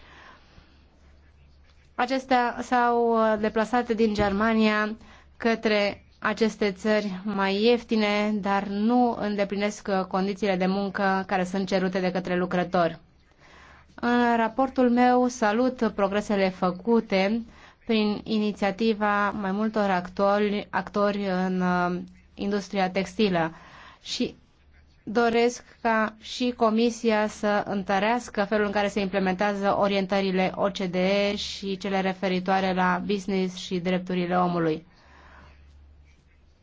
Acestea s-au deplasat din Germania către aceste țări mai ieftine, dar nu îndeplinesc uh, condițiile de muncă care sunt cerute de către lucrători. În raportul meu salut progresele făcute prin inițiativa mai multor actori, actori în uh, industria textilă și doresc ca și Comisia să întărească felul în care se implementează orientările OCDE și cele referitoare la business și drepturile omului.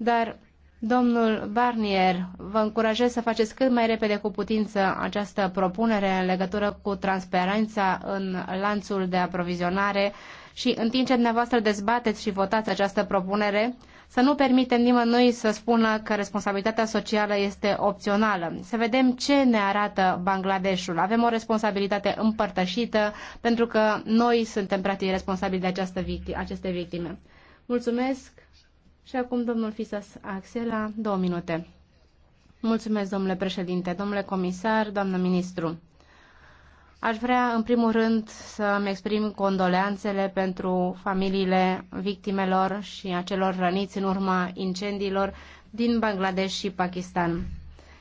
Dar, domnul Barnier, vă încurajez să faceți cât mai repede cu putință această propunere în legătură cu transparența în lanțul de aprovizionare și în timp ce dumneavoastră dezbateți și votați această propunere, să nu permitem nimănui să spună că responsabilitatea socială este opțională. Să vedem ce ne arată Bangladeshul. Avem o responsabilitate împărtășită pentru că noi suntem practic responsabili de această victi- aceste victime. Mulțumesc! Și acum domnul Fisas la două minute. Mulțumesc, domnule președinte, domnule comisar, doamnă ministru. Aș vrea, în primul rând, să-mi exprim condoleanțele pentru familiile victimelor și acelor răniți în urma incendiilor din Bangladesh și Pakistan.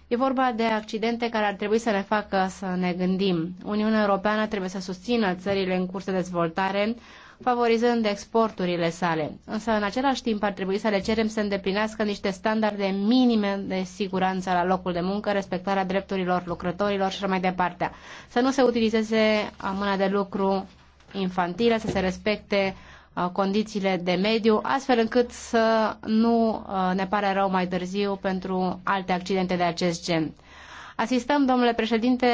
E vorba de accidente care ar trebui să ne facă să ne gândim. Uniunea Europeană trebuie să susțină țările în curs de dezvoltare favorizând exporturile sale. Însă, în același timp, ar trebui să le cerem să îndeplinească niște standarde minime de siguranță la locul de muncă, respectarea drepturilor lucrătorilor și așa mai departe. Să nu se utilizeze mâna de lucru infantilă, să se respecte uh, condițiile de mediu, astfel încât să nu uh, ne pare rău mai târziu pentru alte accidente de acest gen. Asistăm, domnule președinte,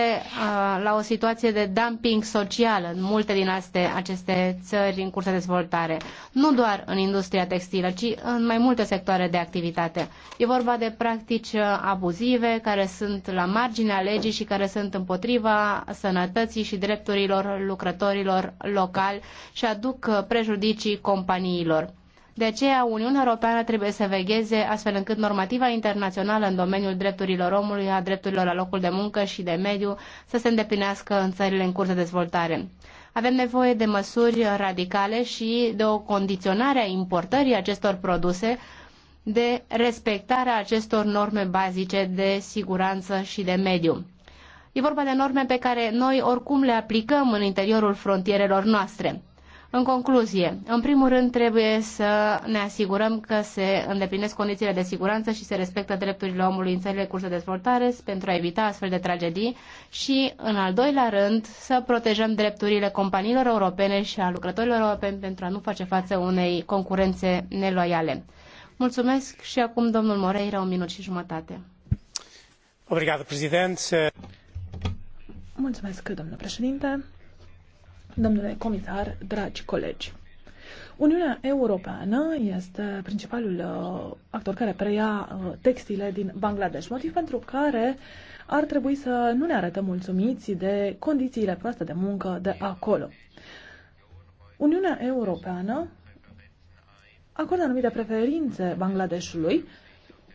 la o situație de dumping social în multe din aste, aceste țări în curs de dezvoltare. Nu doar în industria textilă, ci în mai multe sectoare de activitate. E vorba de practici abuzive care sunt la marginea legii și care sunt împotriva sănătății și drepturilor lucrătorilor locali și aduc prejudicii companiilor. De aceea, Uniunea Europeană trebuie să vegheze astfel încât normativa internațională în domeniul drepturilor omului, a drepturilor la locul de muncă și de mediu să se îndeplinească în țările în curs de dezvoltare. Avem nevoie de măsuri radicale și de o condiționare a importării acestor produse de respectarea acestor norme bazice de siguranță și de mediu. E vorba de norme pe care noi oricum le aplicăm în interiorul frontierelor noastre. În concluzie, în primul rând trebuie să ne asigurăm că se îndeplinesc condițiile de siguranță și se respectă drepturile omului în țările curse de dezvoltare pentru a evita astfel de tragedii și, în al doilea rând, să protejăm drepturile companiilor europene și a lucrătorilor europeni pentru a nu face față unei concurențe neloiale. Mulțumesc și acum domnul Moreira, un minut și jumătate. Obrigado, Mulțumesc, domnule președinte domnule comisar, dragi colegi. Uniunea Europeană este principalul uh, actor care preia uh, textile din Bangladesh, motiv pentru care ar trebui să nu ne arătăm mulțumiți de condițiile proaste de muncă de acolo. Uniunea Europeană acordă anumite preferințe Bangladeshului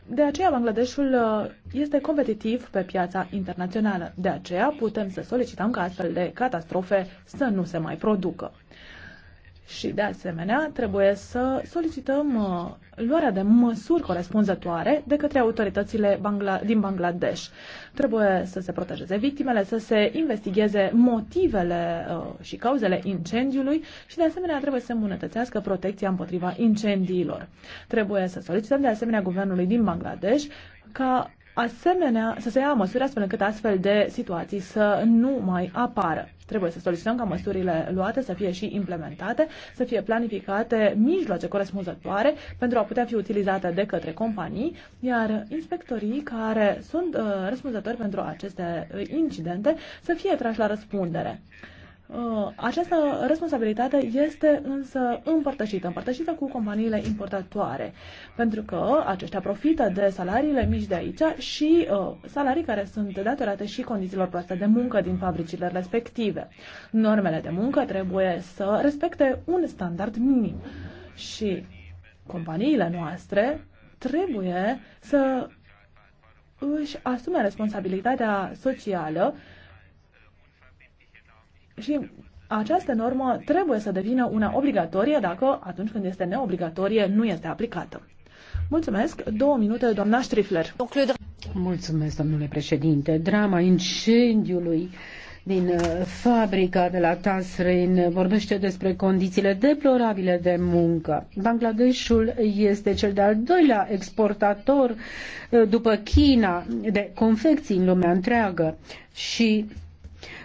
de aceea Bangladeshul uh, este competitiv pe piața internațională. De aceea putem să solicităm ca astfel de catastrofe să nu se mai producă. Și de asemenea trebuie să solicităm uh, luarea de măsuri corespunzătoare de către autoritățile Bangla- din Bangladesh. Trebuie să se protejeze victimele, să se investigheze motivele uh, și cauzele incendiului și, de asemenea, trebuie să îmbunătățească protecția împotriva incendiilor. Trebuie să solicităm, de asemenea, guvernului din Bangladesh ca asemenea, să se ia măsuri astfel încât astfel de situații să nu mai apară. Trebuie să solicităm ca măsurile luate să fie și implementate, să fie planificate mijloace corespunzătoare pentru a putea fi utilizate de către companii, iar inspectorii care sunt uh, răspunzători pentru aceste uh, incidente să fie trași la răspundere. Uh, această responsabilitate este însă împărtășită, împărtășită cu companiile importatoare, pentru că aceștia profită de salariile mici de aici și uh, salarii care sunt datorate și condițiilor proaste de muncă din fabricile respective. Normele de muncă trebuie să respecte un standard minim și companiile noastre trebuie să își asume responsabilitatea socială și această normă trebuie să devină una obligatorie dacă atunci când este neobligatorie nu este aplicată. Mulțumesc. Două minute, doamna Strifler. Mulțumesc, domnule președinte. Drama incendiului din uh, fabrica de la Tasrin vorbește despre condițiile deplorabile de muncă. Bangladeshul este cel de-al doilea exportator uh, după China de confecții în lumea întreagă și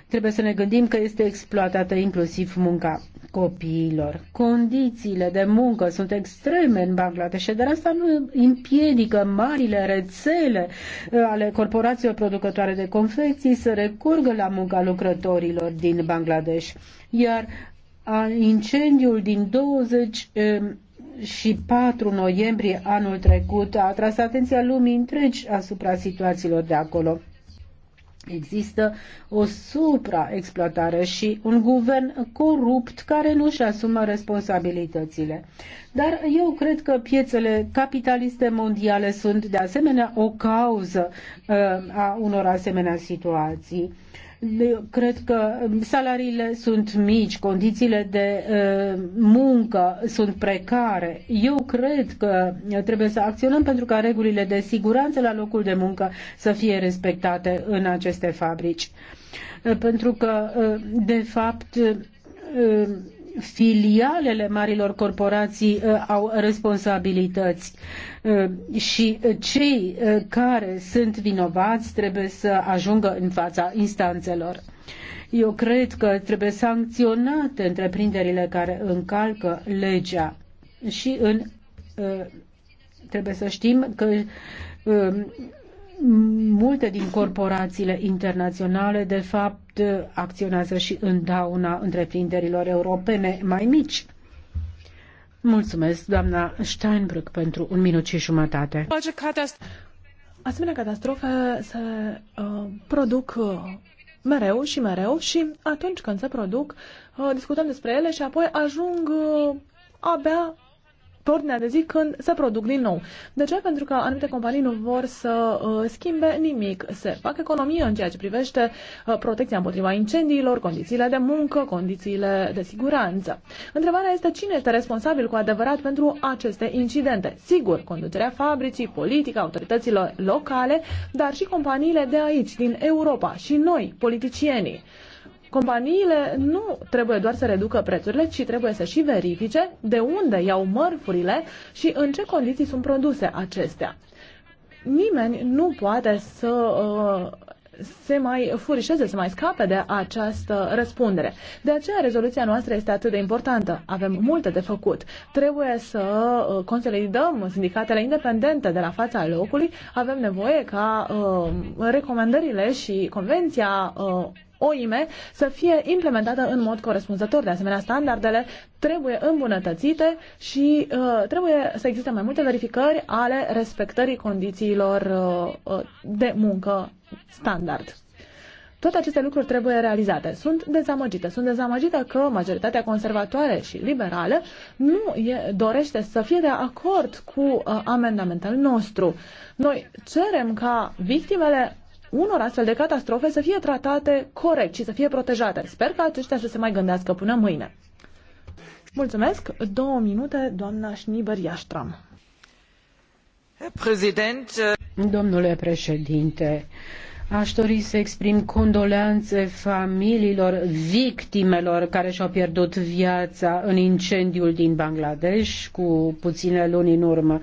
Trebuie să ne gândim că este exploatată inclusiv munca copiilor. Condițiile de muncă sunt extreme în Bangladesh, dar asta nu împiedică marile rețele uh, ale corporațiilor producătoare de confecții să recurgă la munca lucrătorilor din Bangladesh. Iar incendiul din 20 um, și 4 noiembrie anul trecut a atras atenția lumii întregi asupra situațiilor de acolo. Există o supraexploatare și un guvern corupt care nu își asumă responsabilitățile. Dar eu cred că piețele capitaliste mondiale sunt de asemenea o cauză uh, a unor asemenea situații. Cred că salariile sunt mici, condițiile de muncă sunt precare. Eu cred că trebuie să acționăm pentru ca regulile de siguranță la locul de muncă să fie respectate în aceste fabrici. Pentru că, de fapt, filialele marilor corporații uh, au responsabilități uh, și cei uh, care sunt vinovați trebuie să ajungă în fața instanțelor. Eu cred că trebuie sancționate întreprinderile care încalcă legea și în, trebuie să știm că multe din corporațiile internaționale, de fapt, acționează și în dauna întreprinderilor europene mai mici. Mulțumesc, doamna Steinbrück, pentru un minut și jumătate. Asemenea catastrofe se uh, produc uh, mereu și mereu și atunci când se produc, uh, discutăm despre ele și apoi ajung uh, abia pe ordinea de zi când se produc din nou. De ce? Pentru că anumite companii nu vor să uh, schimbe nimic. Se fac economie în ceea ce privește uh, protecția împotriva incendiilor, condițiile de muncă, condițiile de siguranță. Întrebarea este cine este responsabil cu adevărat pentru aceste incidente. Sigur, conducerea fabricii, politica, autorităților locale, dar și companiile de aici, din Europa și noi, politicienii companiile nu trebuie doar să reducă prețurile, ci trebuie să și verifice de unde iau mărfurile și în ce condiții sunt produse acestea. Nimeni nu poate să uh, se mai furișeze, să mai scape de această răspundere. De aceea rezoluția noastră este atât de importantă. Avem multe de făcut. Trebuie să uh, consolidăm sindicatele independente de la fața locului. Avem nevoie ca uh, recomandările și convenția uh, OIME să fie implementată în mod corespunzător. De asemenea, standardele trebuie îmbunătățite și uh, trebuie să existe mai multe verificări ale respectării condițiilor uh, uh de muncă standard. Toate aceste lucruri trebuie realizate. Sunt dezamăgită. Sunt dezamăgită că majoritatea conservatoare și liberală nu e, dorește să fie de acord cu uh, amendamentul nostru. Noi cerem ca victimele unor astfel de catastrofe să fie tratate corect și să fie protejate. Sper că aceștia să se mai gândească până mâine. Mulțumesc. Două minute, doamna Schnieber Iaștram. Äh, Domnule președinte, Aș dori să exprim condoleanțe familiilor victimelor care și-au pierdut viața în incendiul din Bangladesh cu puține luni în urmă.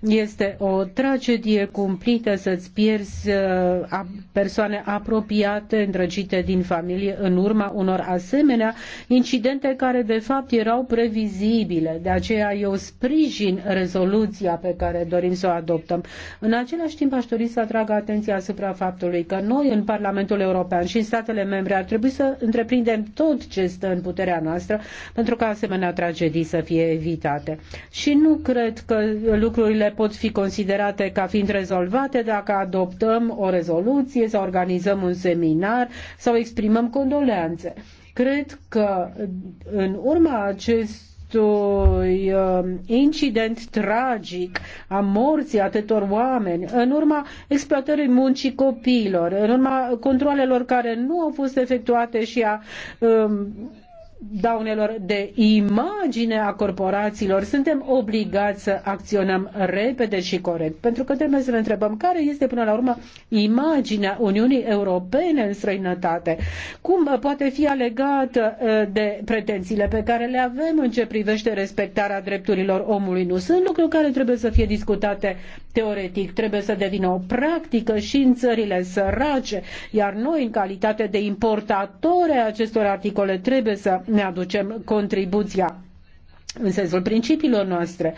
Este o tragedie cumplită să-ți pierzi uh, persoane apropiate, îndrăgite din familie, în urma unor asemenea incidente care de fapt erau previzibile. De aceea eu sprijin rezoluția pe care dorim să o adoptăm. În același timp aș dori să atrag atenția asupra faptului că noi în Parlamentul European și în statele membre ar trebui să întreprindem tot ce stă în puterea noastră pentru ca asemenea tragedii să fie evitate. Și nu cred că lucrurile Problemele pot fi considerate ca fiind rezolvate dacă adoptăm o rezoluție sau organizăm un seminar sau exprimăm condoleanțe. Cred că în urma acestui um, incident tragic a morții atâtor oameni, în urma exploatării muncii copiilor, în urma controlelor care nu au fost efectuate și a um, daunelor de imagine a corporațiilor, suntem obligați să acționăm repede și corect, pentru că trebuie să ne întrebăm care este până la urmă imaginea Uniunii Europene în străinătate, cum poate fi alegată ă, de pretențiile pe care le avem în ce privește respectarea drepturilor omului. Nu sunt lucruri care trebuie să fie discutate teoretic, trebuie să devină o practică și în țările sărace, iar noi, în calitate de importatori acestor articole, trebuie să ne aducem contribuția în sensul principiilor noastre,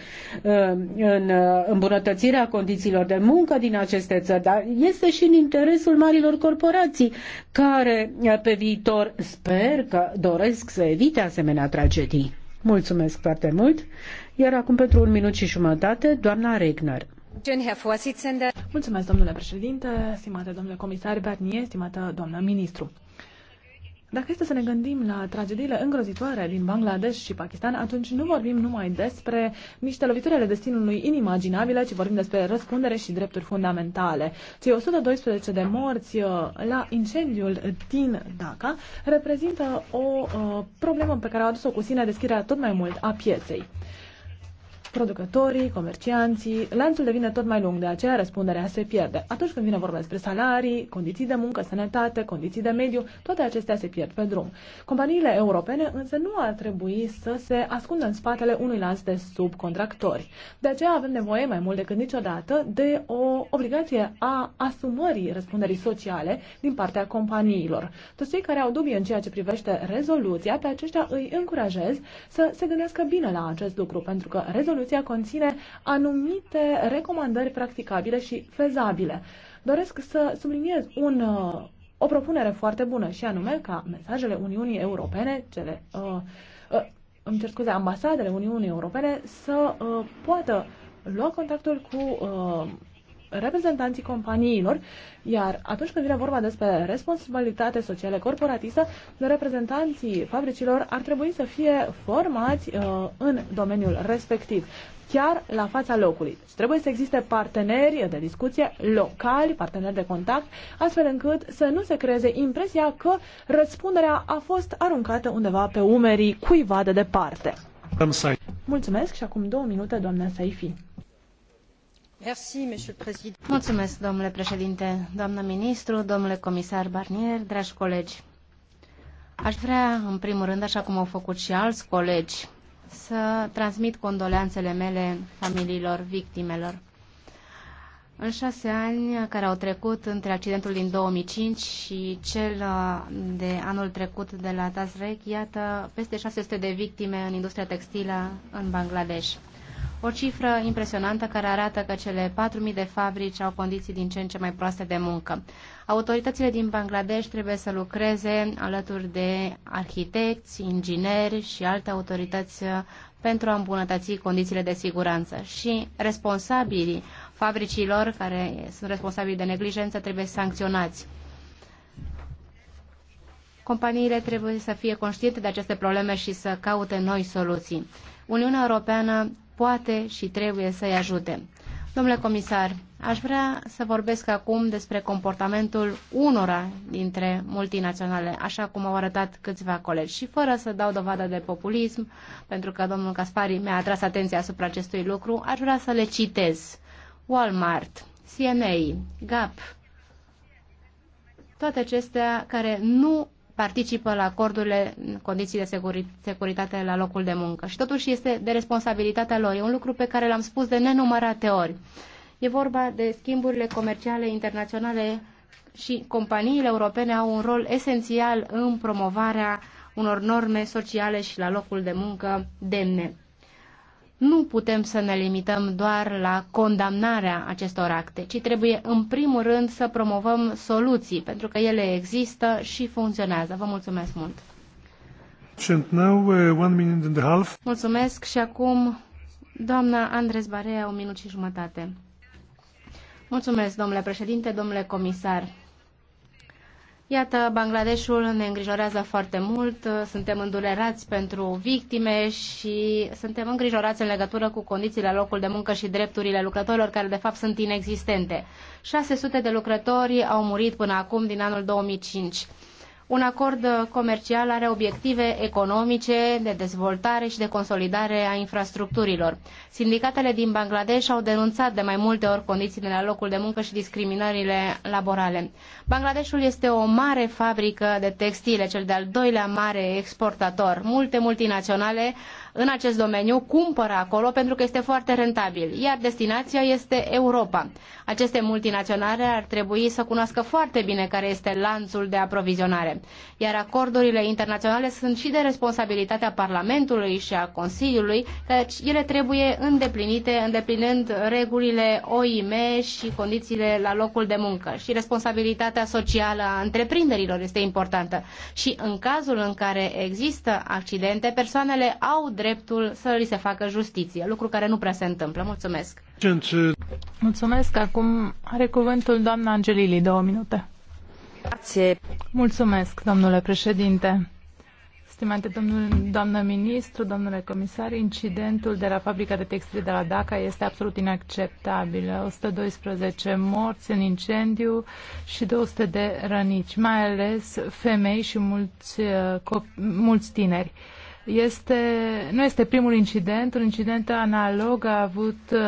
în îmbunătățirea condițiilor de muncă din aceste țări, dar este și în interesul marilor corporații care pe viitor sper că doresc să evite asemenea tragedii. Mulțumesc foarte mult, iar acum pentru un minut și jumătate, doamna Regner. Mulțumesc, domnule președinte, stimate domnule comisar Barnier, stimată doamnă ministru. Dacă este să ne gândim la tragediile îngrozitoare din Bangladesh și Pakistan, atunci nu vorbim numai despre niște lovituri ale destinului inimaginabile, ci vorbim despre răspundere și drepturi fundamentale. Cei 112 de morți uh, la incendiul din Dhaka reprezintă o uh, problemă pe care a adus-o cu sine deschiderea tot mai mult a pieței producătorii, comercianții, lanțul devine tot mai lung, de aceea răspunderea se pierde. Atunci când vine vorba despre salarii, condiții de muncă, sănătate, condiții de mediu, toate acestea se pierd pe drum. Companiile europene însă nu ar trebui să se ascundă în spatele unui lanț de subcontractori. De aceea avem nevoie mai mult decât niciodată de o obligație a asumării răspunderii sociale din partea companiilor. Toți cei care au dubii în ceea ce privește rezoluția, pe aceștia îi încurajez să se gândească bine la acest lucru, pentru că rezoluția rezoluția conține anumite recomandări practicabile și fezabile. Doresc să subliniez un, uh, o propunere foarte bună și anume ca mesajele Uniunii Europene, cele, uh, uh, îmi cer scuze, ambasadele Uniunii Europene să uh, poată lua contactul cu uh, reprezentanții companiilor, iar atunci când vine vorba despre responsabilitate socială corporatistă, reprezentanții fabricilor ar trebui să fie formați uh, în domeniul respectiv chiar la fața locului. Deci trebuie să existe parteneri de discuție locali, parteneri de contact, astfel încât să nu se creeze impresia că răspunderea a fost aruncată undeva pe umerii cuiva de departe. Mulțumesc și acum două minute, doamna Saifi domnule președinte, doamnă ministru, domnule comisar Barnier, dragi colegi. Aș vrea, în primul rând, așa cum au făcut și alți colegi, să transmit condoleanțele mele familiilor victimelor. În șase ani care au trecut între accidentul din 2005 și cel uh, de anul trecut de la Tazrek, iată peste sute de victime în industria textilă în Bangladesh. O cifră impresionantă care arată că cele 4.000 de fabrici au condiții din ce în ce mai proaste de muncă. Autoritățile din Bangladesh trebuie să lucreze alături de arhitecți, ingineri și alte autorități uh, pentru a îmbunătăți condițiile de siguranță și responsabilii fabricilor care sunt responsabili de neglijență trebuie sancționați. Companiile trebuie să fie conștiente de aceste probleme și să caute noi soluții. Uniunea Europeană poate și trebuie să-i ajute. Domnule comisar, aș vrea să vorbesc acum despre comportamentul unora dintre multinaționale, așa cum au arătat câțiva colegi, și fără să dau dovadă de populism, pentru că domnul Caspari mi-a atras atenția asupra acestui lucru, aș vrea să le citez. Walmart, CNA, GAP, toate acestea care nu participă la acordurile, condiții de securi, securitate la locul de muncă. Și totuși este de responsabilitatea lor. E un lucru pe care l-am spus de nenumărate ori. E vorba de schimburile comerciale internaționale și companiile europene au un rol esențial în promovarea unor norme sociale și la locul de muncă demne nu putem să ne limităm doar la condamnarea acestor acte, ci trebuie în primul rând să promovăm soluții, pentru că ele există și funcționează. Vă mulțumesc mult! And now, uh, one minute and a half. Mulțumesc și acum doamna Andres Barea, un minut și jumătate. Mulțumesc, domnule președinte, domnule comisar. Iată, Bangladeshul ne îngrijorează foarte mult, suntem îndulerați pentru victime și suntem îngrijorați în legătură cu condițiile locul de muncă și drepturile lucrătorilor, care de fapt sunt inexistente. 600 de lucrători au murit până acum din anul 2005. Un acord comercial are obiective economice, de dezvoltare și de consolidare a infrastructurilor. Sindicatele din Bangladesh au denunțat de mai multe ori condițiile la locul de muncă și discriminările laborale. Bangladeshul este o mare fabrică de textile, cel de-al doilea mare exportator. Multe multinaționale în acest domeniu cumpără acolo pentru că este foarte rentabil, iar destinația este Europa. Aceste multinaționale ar trebui să cunoască foarte bine care este lanțul de aprovizionare, iar acordurile internaționale sunt și de responsabilitatea Parlamentului și a Consiliului, deci ele trebuie îndeplinite îndeplinind regulile OIM și condițiile la locul de muncă și responsabilitatea socială a întreprinderilor este importantă. Și în cazul în care există accidente, persoanele au drept dreptul să li se facă justiție, lucru care nu prea se întâmplă. Mulțumesc! Mulțumesc! Acum are cuvântul doamna Angelili, două minute. Grazie. Mulțumesc, domnule președinte! Stimate domnul, doamnă ministru, domnule comisar, incidentul de la fabrica de textile de la Daca este absolut inacceptabil. 112 morți în incendiu și 200 de răniți, mai ales femei și mulți, uh, mulți tineri. Este, nu este primul incident, un incident analog a avut uh,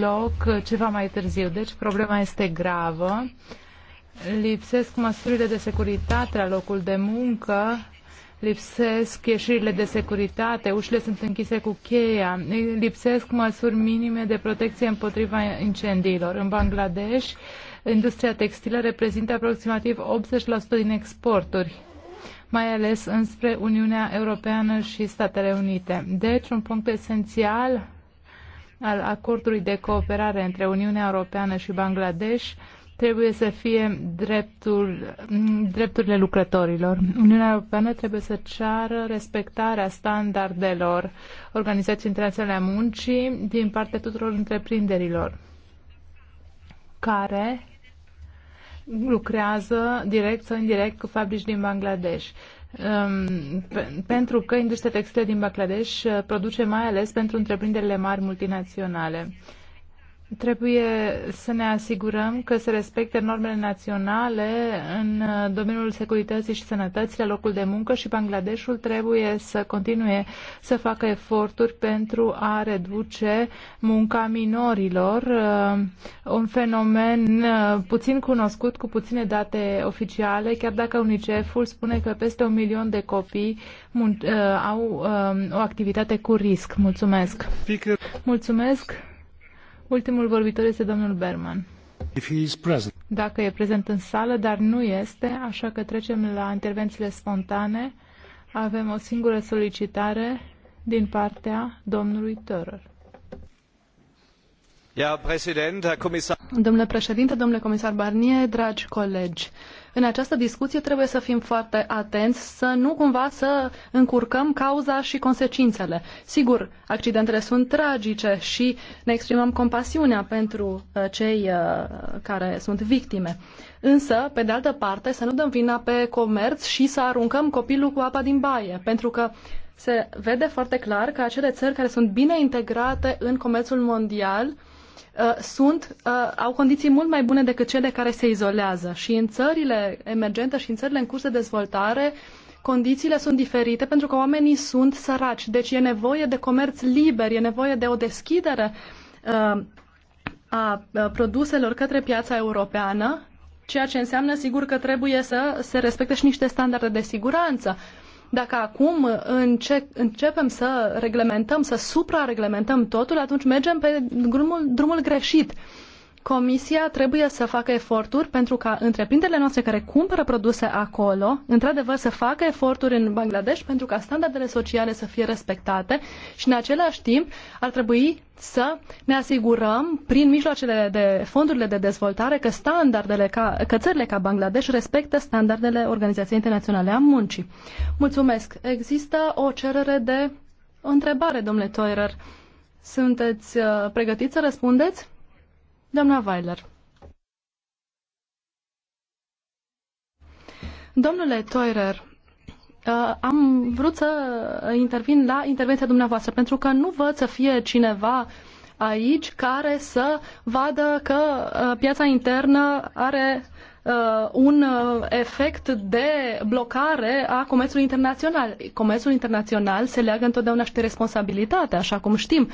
loc uh, ceva mai târziu, deci problema este gravă. Lipsesc măsurile de securitate la locul de muncă, lipsesc ieșirile de securitate, ușile sunt închise cu cheia, lipsesc măsuri minime de protecție împotriva incendiilor. În Bangladesh, industria textilă reprezintă aproximativ 80% din exporturi mai ales înspre Uniunea Europeană și Statele Unite. Deci, un punct esențial al acordului de cooperare între Uniunea Europeană și Bangladesh trebuie să fie dreptul, drepturile lucrătorilor. Uniunea Europeană trebuie să ceară respectarea standardelor Organizației Internaționale a Muncii din partea tuturor întreprinderilor care lucrează direct sau indirect cu fabrici din Bangladesh. Um, pentru că industria textilă din Bangladesh uh, produce mai ales pentru întreprinderile mari multinaționale. Trebuie să ne asigurăm că se respecte normele naționale în uh, domeniul securității și sănătății la locul de muncă și Bangladeshul trebuie să continue să facă eforturi pentru a reduce munca minorilor, uh, un fenomen uh, puțin cunoscut cu puține date oficiale, chiar dacă UNICEF-ul spune că peste un milion de copii au um, o activitate cu risc. Mulțumesc! Mulțumesc! Ultimul vorbitor este domnul Berman. If he is present. Dacă e prezent în sală, dar nu este, așa că trecem la intervențiile spontane. Avem o singură solicitare din partea domnului Törer. Ja, Herr Domnule președinte, domnule comisar Barnier, dragi colegi, în această discuție trebuie să fim foarte atenți, să nu cumva să încurcăm cauza și consecințele. Sigur, accidentele sunt tragice și ne exprimăm compasiunea pentru uh, cei uh, care sunt victime. Însă, pe de altă parte, să nu dăm vina pe comerț și să aruncăm copilul cu apa din baie, pentru că se vede foarte clar că acele țări care sunt bine integrate în comerțul mondial Uh, sunt, uh, au condiții mult mai bune decât cele care se izolează. Și în țările emergente și în țările în curs de dezvoltare, condițiile sunt diferite pentru că oamenii sunt săraci. Deci e nevoie de comerț liber, e nevoie de o deschidere uh, a produselor către piața europeană, ceea ce înseamnă sigur că trebuie să se respecte și niște standarde de siguranță. Uh, dacă acum înce- începem să reglementăm, să suprareglementăm totul, atunci mergem pe drumul, drumul greșit. Comisia trebuie să facă eforturi pentru ca întreprinderile noastre care cumpără produse acolo, într-adevăr, să facă eforturi în Bangladesh pentru ca standardele sociale să fie respectate și, în același timp, ar trebui să ne asigurăm, prin mijloacele de fondurile de dezvoltare, că, standardele ca, că țările ca Bangladesh respectă standardele Organizației Internaționale a Muncii. Mulțumesc. Există o cerere de o întrebare, domnule Toirer. Sunteți uh, pregătiți să răspundeți? Doamna Weiler. Domnule Toirer, uh, am vrut să intervin la intervenția dumneavoastră, pentru că nu văd să fie cineva aici care să vadă că uh, piața internă are uh, un efect de blocare a comerțului internațional. Comerțul internațional se leagă întotdeauna și de responsabilitate, așa cum știm.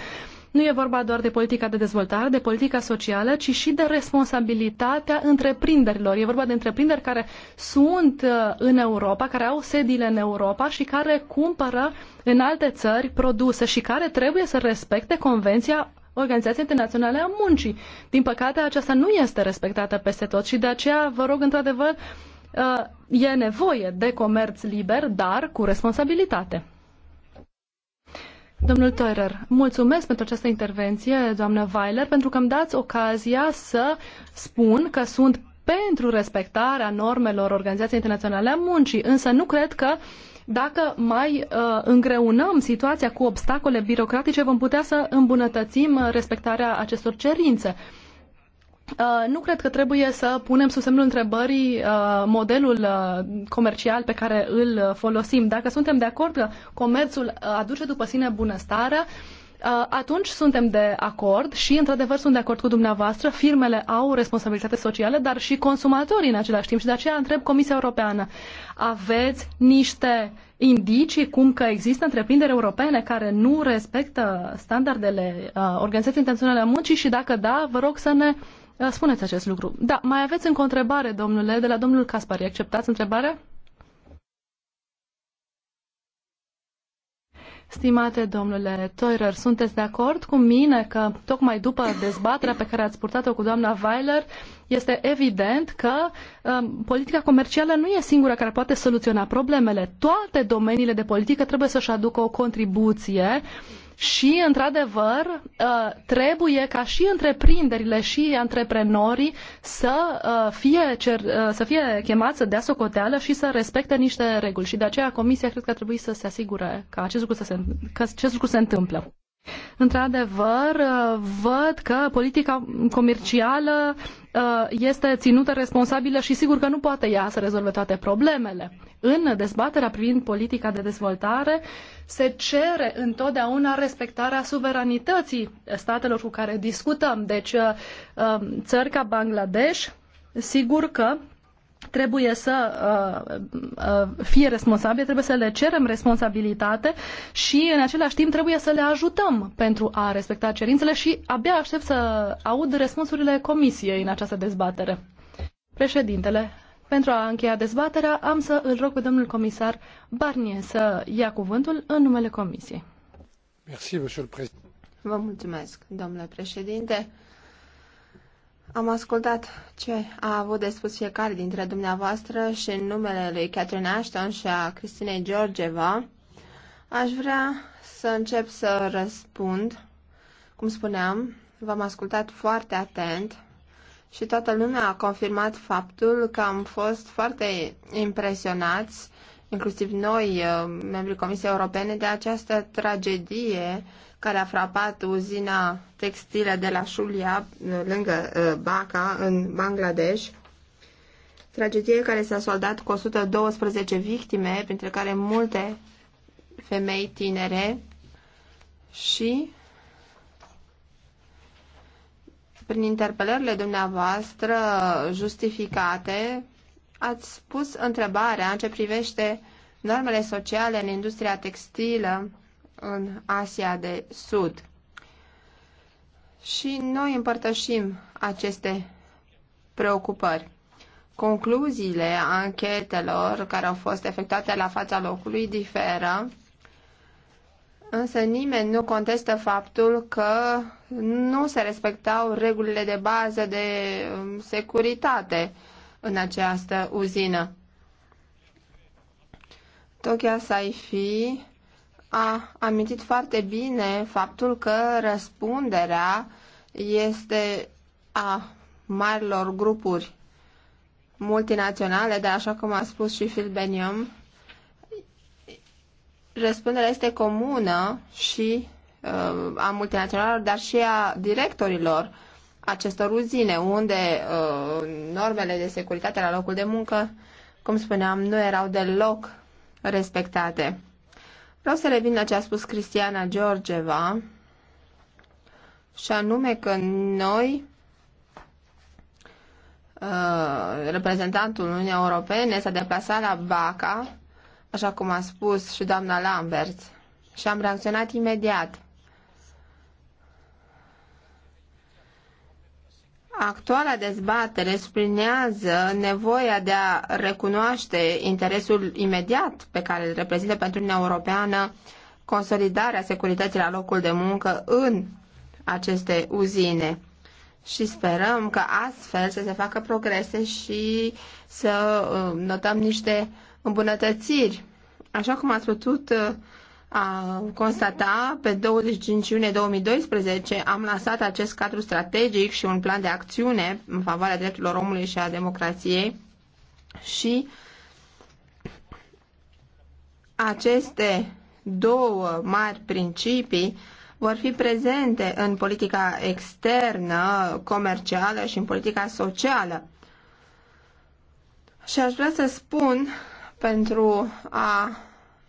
Nu e vorba doar de politica de dezvoltare, de politica socială, ci și de responsabilitatea întreprinderilor. E vorba de întreprinderi care sunt uh, în Europa, care au sediile în Europa și care cumpără în alte țări produse și care trebuie să respecte Convenția Organizația internaționale a Muncii. Din păcate, aceasta nu este respectată peste tot și de aceea vă rog într-adevăr, uh, e nevoie de comerț liber, dar cu responsabilitate. Domnul Teurer, mulțumesc pentru această intervenție, doamnă Weiler, pentru că îmi dați ocazia să spun că sunt pentru respectarea normelor Organizației Internaționale a Muncii, însă nu cred că dacă mai uh, îngreunăm situația cu obstacole birocratice, vom putea să îmbunătățim respectarea acestor cerințe. Uh, Uh, nu cred că trebuie să punem sub semnul întrebării uh, modelul uh, comercial pe care îl folosim. Dacă suntem de acord că comerțul aduce după sine bunăstarea, atunci suntem de acord și, într-adevăr, sunt de acord cu dumneavoastră, firmele au responsabilitate socială, dar și consumatorii în același timp. Și de aceea întreb Comisia Europeană, aveți niște indicii cum că există întreprinderi europene care nu respectă standardele uh, Organizației Internaționale a Muncii și dacă da, vă rog să ne da, spuneți acest lucru. Da, mai aveți încă o întrebare, domnule, de la domnul Caspari. Acceptați întrebarea? Stimate domnule Toirer, sunteți de acord cu mine că tocmai după dezbaterea pe care ați purtat-o cu doamna Weiler, este evident că um, politica comercială nu e singura care poate soluționa problemele. Toate domeniile de politică trebuie să-și aducă o contribuție uh, și, într-adevăr, ă, trebuie ca și întreprinderile și antreprenorii să ă, fie, cer, ă, să fie chemați să dea socoteală și să respecte niște reguli. Și de aceea Comisia cred că ar trebui să se asigure că acest lucru, să se, că acest lucru se întâmplă. Într-adevăr, uh, văd că politica comercială uh, este ținută responsabilă și sigur că nu poate ea să rezolve toate problemele. În dezbaterea privind politica de dezvoltare se cere întotdeauna respectarea suveranității statelor cu care discutăm. Deci uh, țări ca Bangladesh, sigur că trebuie să uh, uh, fie responsabile, trebuie să le cerem responsabilitate și în același timp trebuie să le ajutăm pentru a respecta cerințele și abia aștept să aud răspunsurile comisiei în această dezbatere. Președintele, pentru a încheia dezbaterea, am să îl rog pe domnul comisar Barnier să ia cuvântul în numele comisiei. Merci, Vă mulțumesc, domnule președinte. Am ascultat ce a avut de spus fiecare dintre dumneavoastră și în numele lui Catherine Ashton și a Cristinei Georgeva, aș vrea să încep să răspund. Cum spuneam, v-am ascultat foarte atent și toată lumea a confirmat faptul că am fost foarte impresionați, inclusiv noi, uh, membrii Comisiei Europene, de această tragedie care a frapat uzina textilă de la Shulia, lângă uh, Baca, în Bangladesh. Tragedie care s-a soldat cu 112 victime, printre care multe femei tinere și prin interpelările dumneavoastră justificate, ați spus întrebarea în ce privește normele sociale în industria textilă în Asia de Sud. Și noi împărtășim aceste preocupări. Concluziile anchetelor care au fost efectuate la fața locului diferă, însă nimeni nu contestă faptul că nu se respectau regulile de bază de um, securitate în această uzină. Tokyo Saifi a amintit foarte bine faptul că răspunderea este a marilor grupuri multinaționale, dar așa cum a spus și Phil Benium, răspunderea este comună și uh, a multinaționalelor, dar și a directorilor acestor uzine, unde uh, normele de securitate la locul de muncă, cum spuneam, nu erau deloc respectate. Vreau să revin la ce a spus Cristiana Georgeva, și anume că noi, uh, reprezentantul Uniunii Europene, s-a deplasat la BACA, așa cum a spus și doamna Lambert, și am reacționat imediat. Actuala dezbatere sprinează nevoia de a recunoaște interesul imediat pe care îl reprezintă pentru Uniunea Europeană consolidarea securității la locul de muncă în aceste uzine. Și sperăm că astfel să se facă progrese și să uh, notăm niște îmbunătățiri. Așa cum ați putut uh, a constata, pe 25 iunie 2012 am lansat acest cadru strategic și un plan de acțiune în favoarea drepturilor omului și a democrației și aceste două mari principii vor fi prezente în politica externă, comercială și în politica socială. Și aș vrea să spun pentru a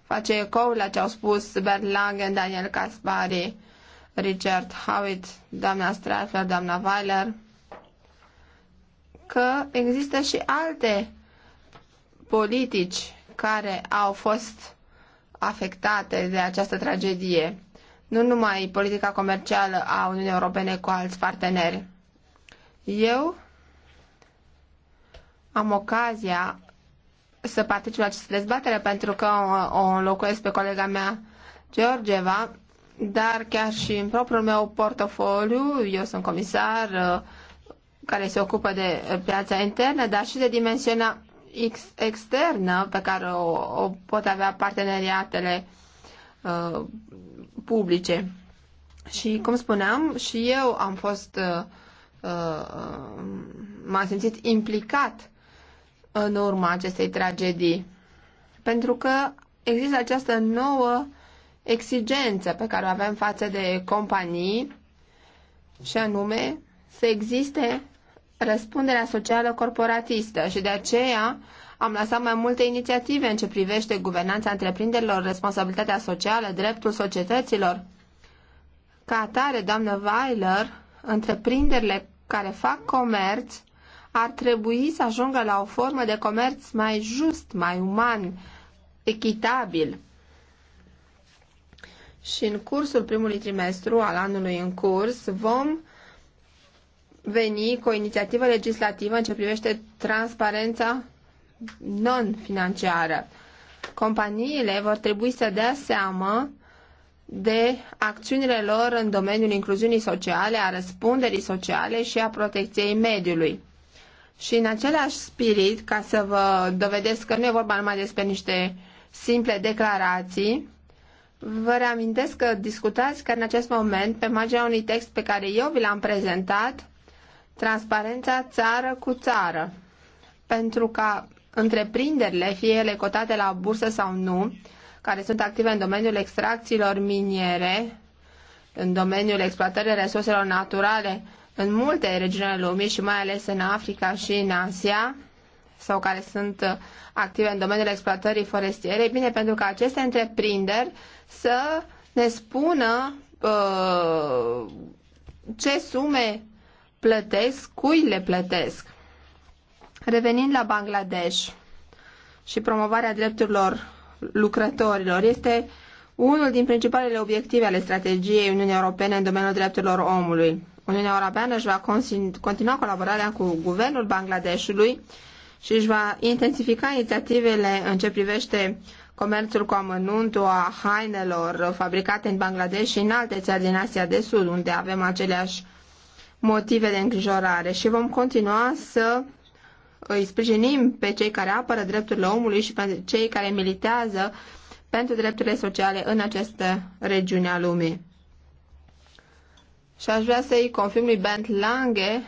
face ecou la ce au spus Bert Lange, Daniel Caspari, Richard Howitt, doamna Stratler, doamna Weiler, că există și alte politici care au fost afectate de această tragedie, nu numai politica comercială a Uniunii Europene cu alți parteneri. Eu am ocazia să particip la această dezbatere pentru că o, o înlocuiesc pe colega mea Georgeva, dar chiar și în propriul meu portofoliu, eu sunt comisar uh, care se ocupă de piața internă, dar și de dimensiunea ex externă pe care o, o pot avea parteneriatele uh, publice. Și, cum spuneam, și eu am fost, uh, uh, m-am simțit implicat în urma acestei tragedii. Pentru că există această nouă exigență pe care o avem față de companii și anume să existe răspunderea socială corporatistă și de aceea am lansat mai multe inițiative în ce privește guvernanța întreprinderilor, responsabilitatea socială, dreptul societăților. Ca atare, doamnă Weiler, întreprinderile care fac comerț ar trebui să ajungă la o formă de comerț mai just, mai uman, echitabil. Și în cursul primului trimestru al anului în curs vom veni cu o inițiativă legislativă în ce privește transparența non-financiară. Companiile vor trebui să dea seama de acțiunile lor în domeniul incluziunii sociale, a răspunderii sociale și a protecției mediului. Și în același spirit, ca să vă dovedesc că nu e vorba numai despre niște simple declarații, vă reamintesc că discutați că în acest moment, pe marginea unui text pe care eu vi l-am prezentat, transparența țară cu țară, pentru ca întreprinderile, fie ele cotate la bursă sau nu, care sunt active în domeniul extracțiilor miniere, în domeniul exploatării resurselor naturale în multe regiuni ale lumii și mai ales în Africa și în Asia sau care sunt active în domeniul exploatării forestiere, e bine pentru că aceste întreprinderi să ne spună uh, ce sume plătesc, cui le plătesc. Revenind la Bangladesh și promovarea drepturilor lucrătorilor, este unul din principalele obiective ale strategiei Uniunii Europene în domeniul drepturilor omului. Uniunea Europeană își va continua colaborarea cu guvernul Bangladeshului și își va intensifica inițiativele în ce privește comerțul cu amănuntul a hainelor fabricate în Bangladesh și în alte țări din Asia de Sud, unde avem aceleași motive de îngrijorare și vom continua să îi sprijinim pe cei care apără drepturile omului și pe cei care militează pentru drepturile sociale în această regiune a lumii și aș vrea să-i confirm lui Bent Lange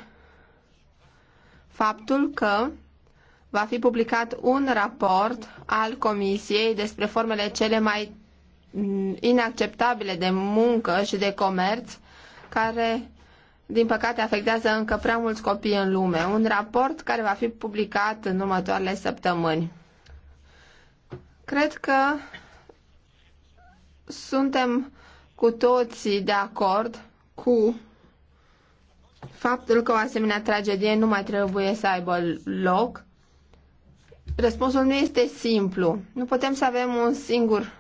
faptul că va fi publicat un raport al Comisiei despre formele cele mai mm, inacceptabile de muncă și de comerț care, din păcate, afectează încă prea mulți copii în lume. Un raport care va fi publicat în următoarele săptămâni. Cred că suntem cu toții de acord cu faptul că o asemenea tragedie nu mai trebuie să aibă loc? Răspunsul nu este simplu. Nu putem să avem un singur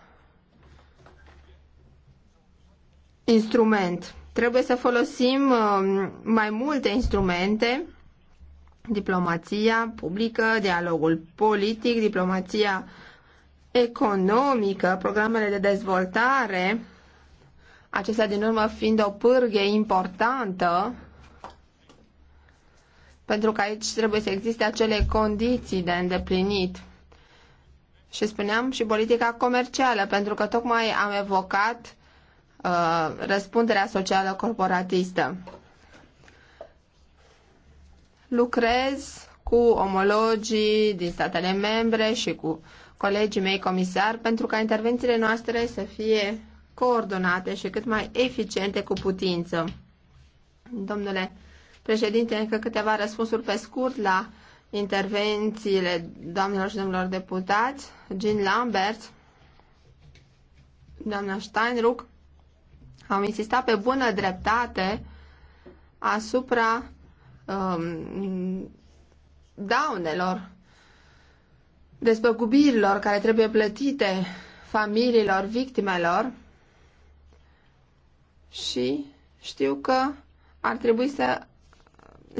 instrument. Trebuie să folosim um, mai multe instrumente, diplomația publică, dialogul politic, diplomația economică, programele de dezvoltare, acestea din urmă fiind o pârghie importantă, pentru că aici trebuie să existe acele condiții de îndeplinit. Și spuneam și politica comercială, pentru că tocmai am evocat uh, răspunderea socială corporatistă. Lucrez cu omologii din statele membre și cu colegii mei comisari pentru ca intervențiile noastre să fie coordonate și cât mai eficiente cu putință. Domnule președinte, încă câteva răspunsuri pe scurt la intervențiile doamnelor și domnilor deputați. Jean Lambert, doamna Steinruck, am insistat pe bună dreptate asupra um, daunelor, despăgubirilor care trebuie plătite familiilor victimelor și știu că ar trebui să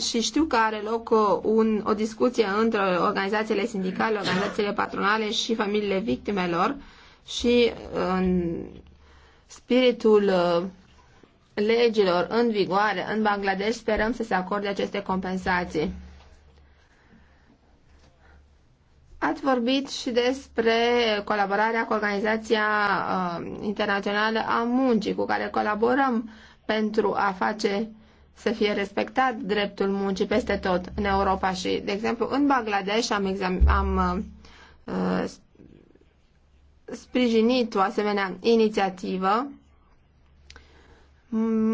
și știu că are loc uh, un, o discuție între organizațiile sindicale, organizațiile patronale și familiile victimelor și uh, în spiritul uh, legilor în vigoare în Bangladesh sperăm să se acorde aceste compensații. Ați vorbit și despre colaborarea cu Organizația uh, Internațională a Muncii, cu care colaborăm pentru a face să fie respectat dreptul muncii peste tot în Europa și, de exemplu, în Bangladesh am, exam- am uh, sprijinit o asemenea inițiativă,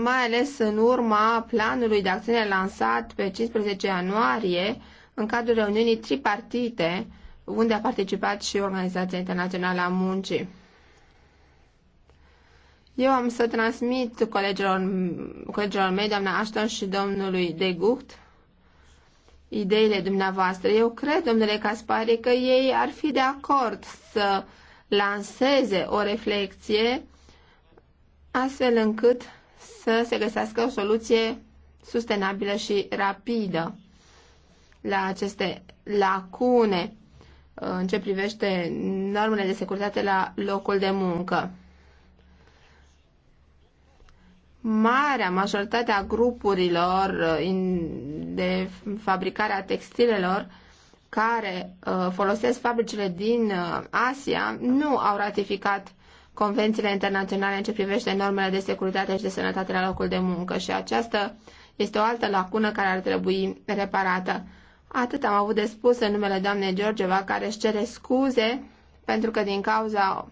mai ales în urma planului de acțiune lansat pe 15 ianuarie în cadrul reuniunii tripartite unde a participat și Organizația Internațională a Muncii. Eu am să transmit colegilor, colegilor mei, doamna Ashton și domnului De Gucht, ideile dumneavoastră. Eu cred, domnule Caspari, că ei ar fi de acord să lanseze o reflexie astfel încât să se găsească o soluție sustenabilă și rapidă la aceste lacune Uh, în ce privește normele de securitate la locul de muncă. Marea majoritate a grupurilor uh, de fabricare a textilelor care uh, folosesc fabricile din Asia nu au ratificat convențiile internaționale în ce privește normele de securitate și de sănătate la locul de muncă și aceasta este o altă lacună care ar trebui reparată. Atât am avut de spus în numele doamnei Georgeva, care își cere scuze pentru că din cauza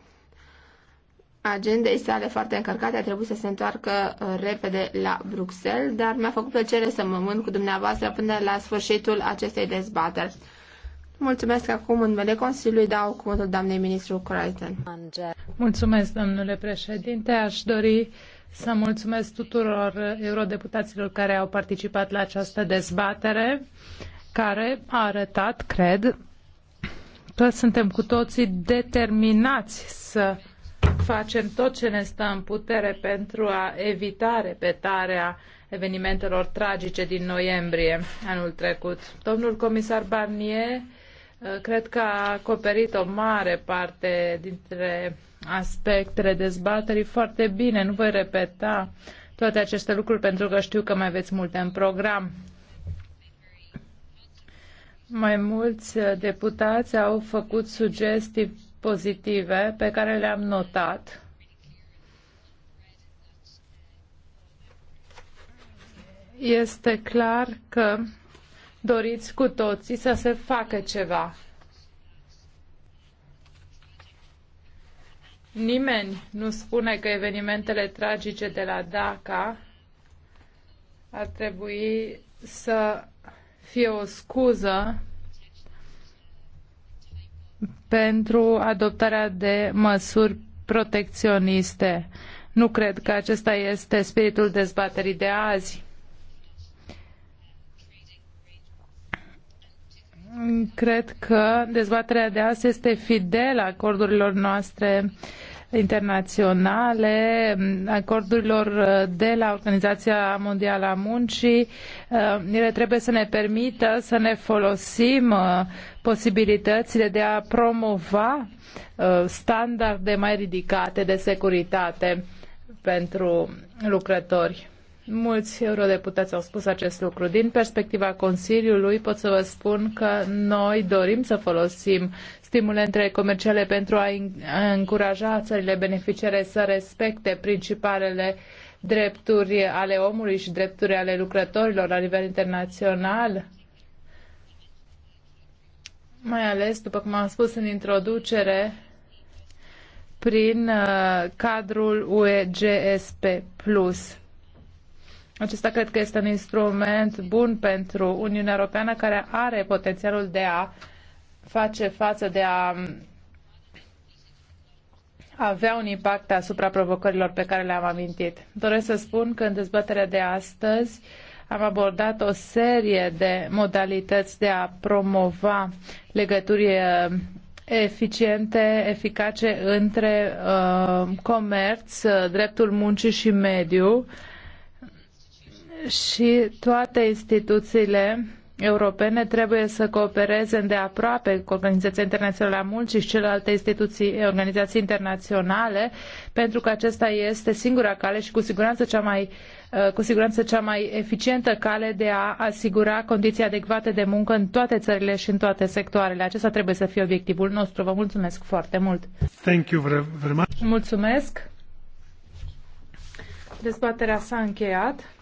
agendei sale foarte încărcate a trebuit să se întoarcă uh, repede la Bruxelles, dar mi-a făcut plăcere să mă mânt cu dumneavoastră până la sfârșitul acestei dezbateri. Mulțumesc acum în numele Consiliului, dau cuvântul doamnei ministru Crichton. Mulțumesc, domnule președinte. Aș dori să mulțumesc tuturor uh, eurodeputaților care au participat la această dezbatere care a arătat, cred, că suntem cu toții determinați să facem tot ce ne stă în putere pentru a evita repetarea evenimentelor tragice din noiembrie anul trecut. Domnul comisar Barnier eh, cred că a acoperit o mare parte dintre aspectele dezbaterii foarte bine. Nu voi repeta toate aceste lucruri pentru că știu că mai aveți multe în program. Mai mulți uh, deputați au făcut sugestii pozitive pe care le-am notat. Este clar că doriți cu toții să se facă ceva. Nimeni nu spune că evenimentele tragice de la DACA ar trebui să fie o scuză pentru adoptarea de măsuri protecționiste. Nu cred că acesta este spiritul dezbaterii de azi. Cred că dezbaterea de azi este fidelă acordurilor noastre uh, internaționale, acordurilor uh, de la Organizația Mondială a Muncii. Uh, ele trebuie să ne permită să ne folosim uh, posibilitățile de a promova standarde mai ridicate de securitate pentru lucrători. Mulți eurodeputați au spus acest lucru. Din perspectiva Consiliului pot să vă spun că noi dorim să folosim stimulentele comerciale pentru a încuraja țările beneficiare să respecte principalele drepturi ale omului și drepturi ale lucrătorilor la nivel internațional. Mai ales, după cum am spus în introducere, prin uh, cadrul UEGSP+ acesta cred că este un instrument bun pentru Uniunea Europeană care are potențialul de a face față, de a avea un impact asupra provocărilor pe care le-am amintit. Doresc să spun că în dezbaterea de astăzi am abordat o serie de modalități de a promova legături uh, eficiente, eficace între uh, comerț, uh, dreptul muncii și mediu. Uh, și toate instituțiile europene trebuie să coopereze îndeaproape cu Organizația Internațională a Muncii și celelalte instituții, organizații internaționale, pentru că acesta este singura cale și cu siguranță cea mai, uh, cu siguranță cea mai eficientă cale de a asigura condiții adecvate de muncă în toate țările și în toate sectoarele. Acesta trebuie să fie obiectivul nostru. Vă mulțumesc foarte mult! Thank you very much. Mulțumesc! Dezbaterea s-a încheiat.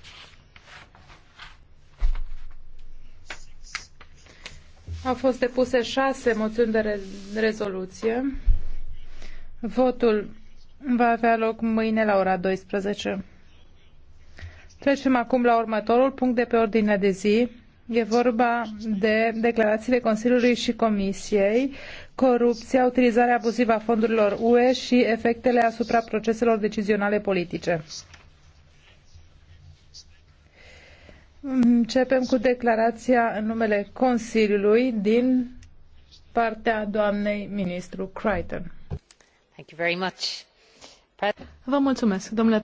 Au fost depuse șase moțiuni de re- rezoluție. Votul va avea loc mâine la ora 12. Trecem acum la următorul punct de pe ordinea de zi. E vorba de declarațiile Consiliului și Comisiei, corupția, utilizarea abuzivă a fondurilor UE și efectele asupra proceselor decizionale politice. Începem cu declarația în numele Consiliului din partea doamnei ministru Crichton. Vă mulțumesc, domnule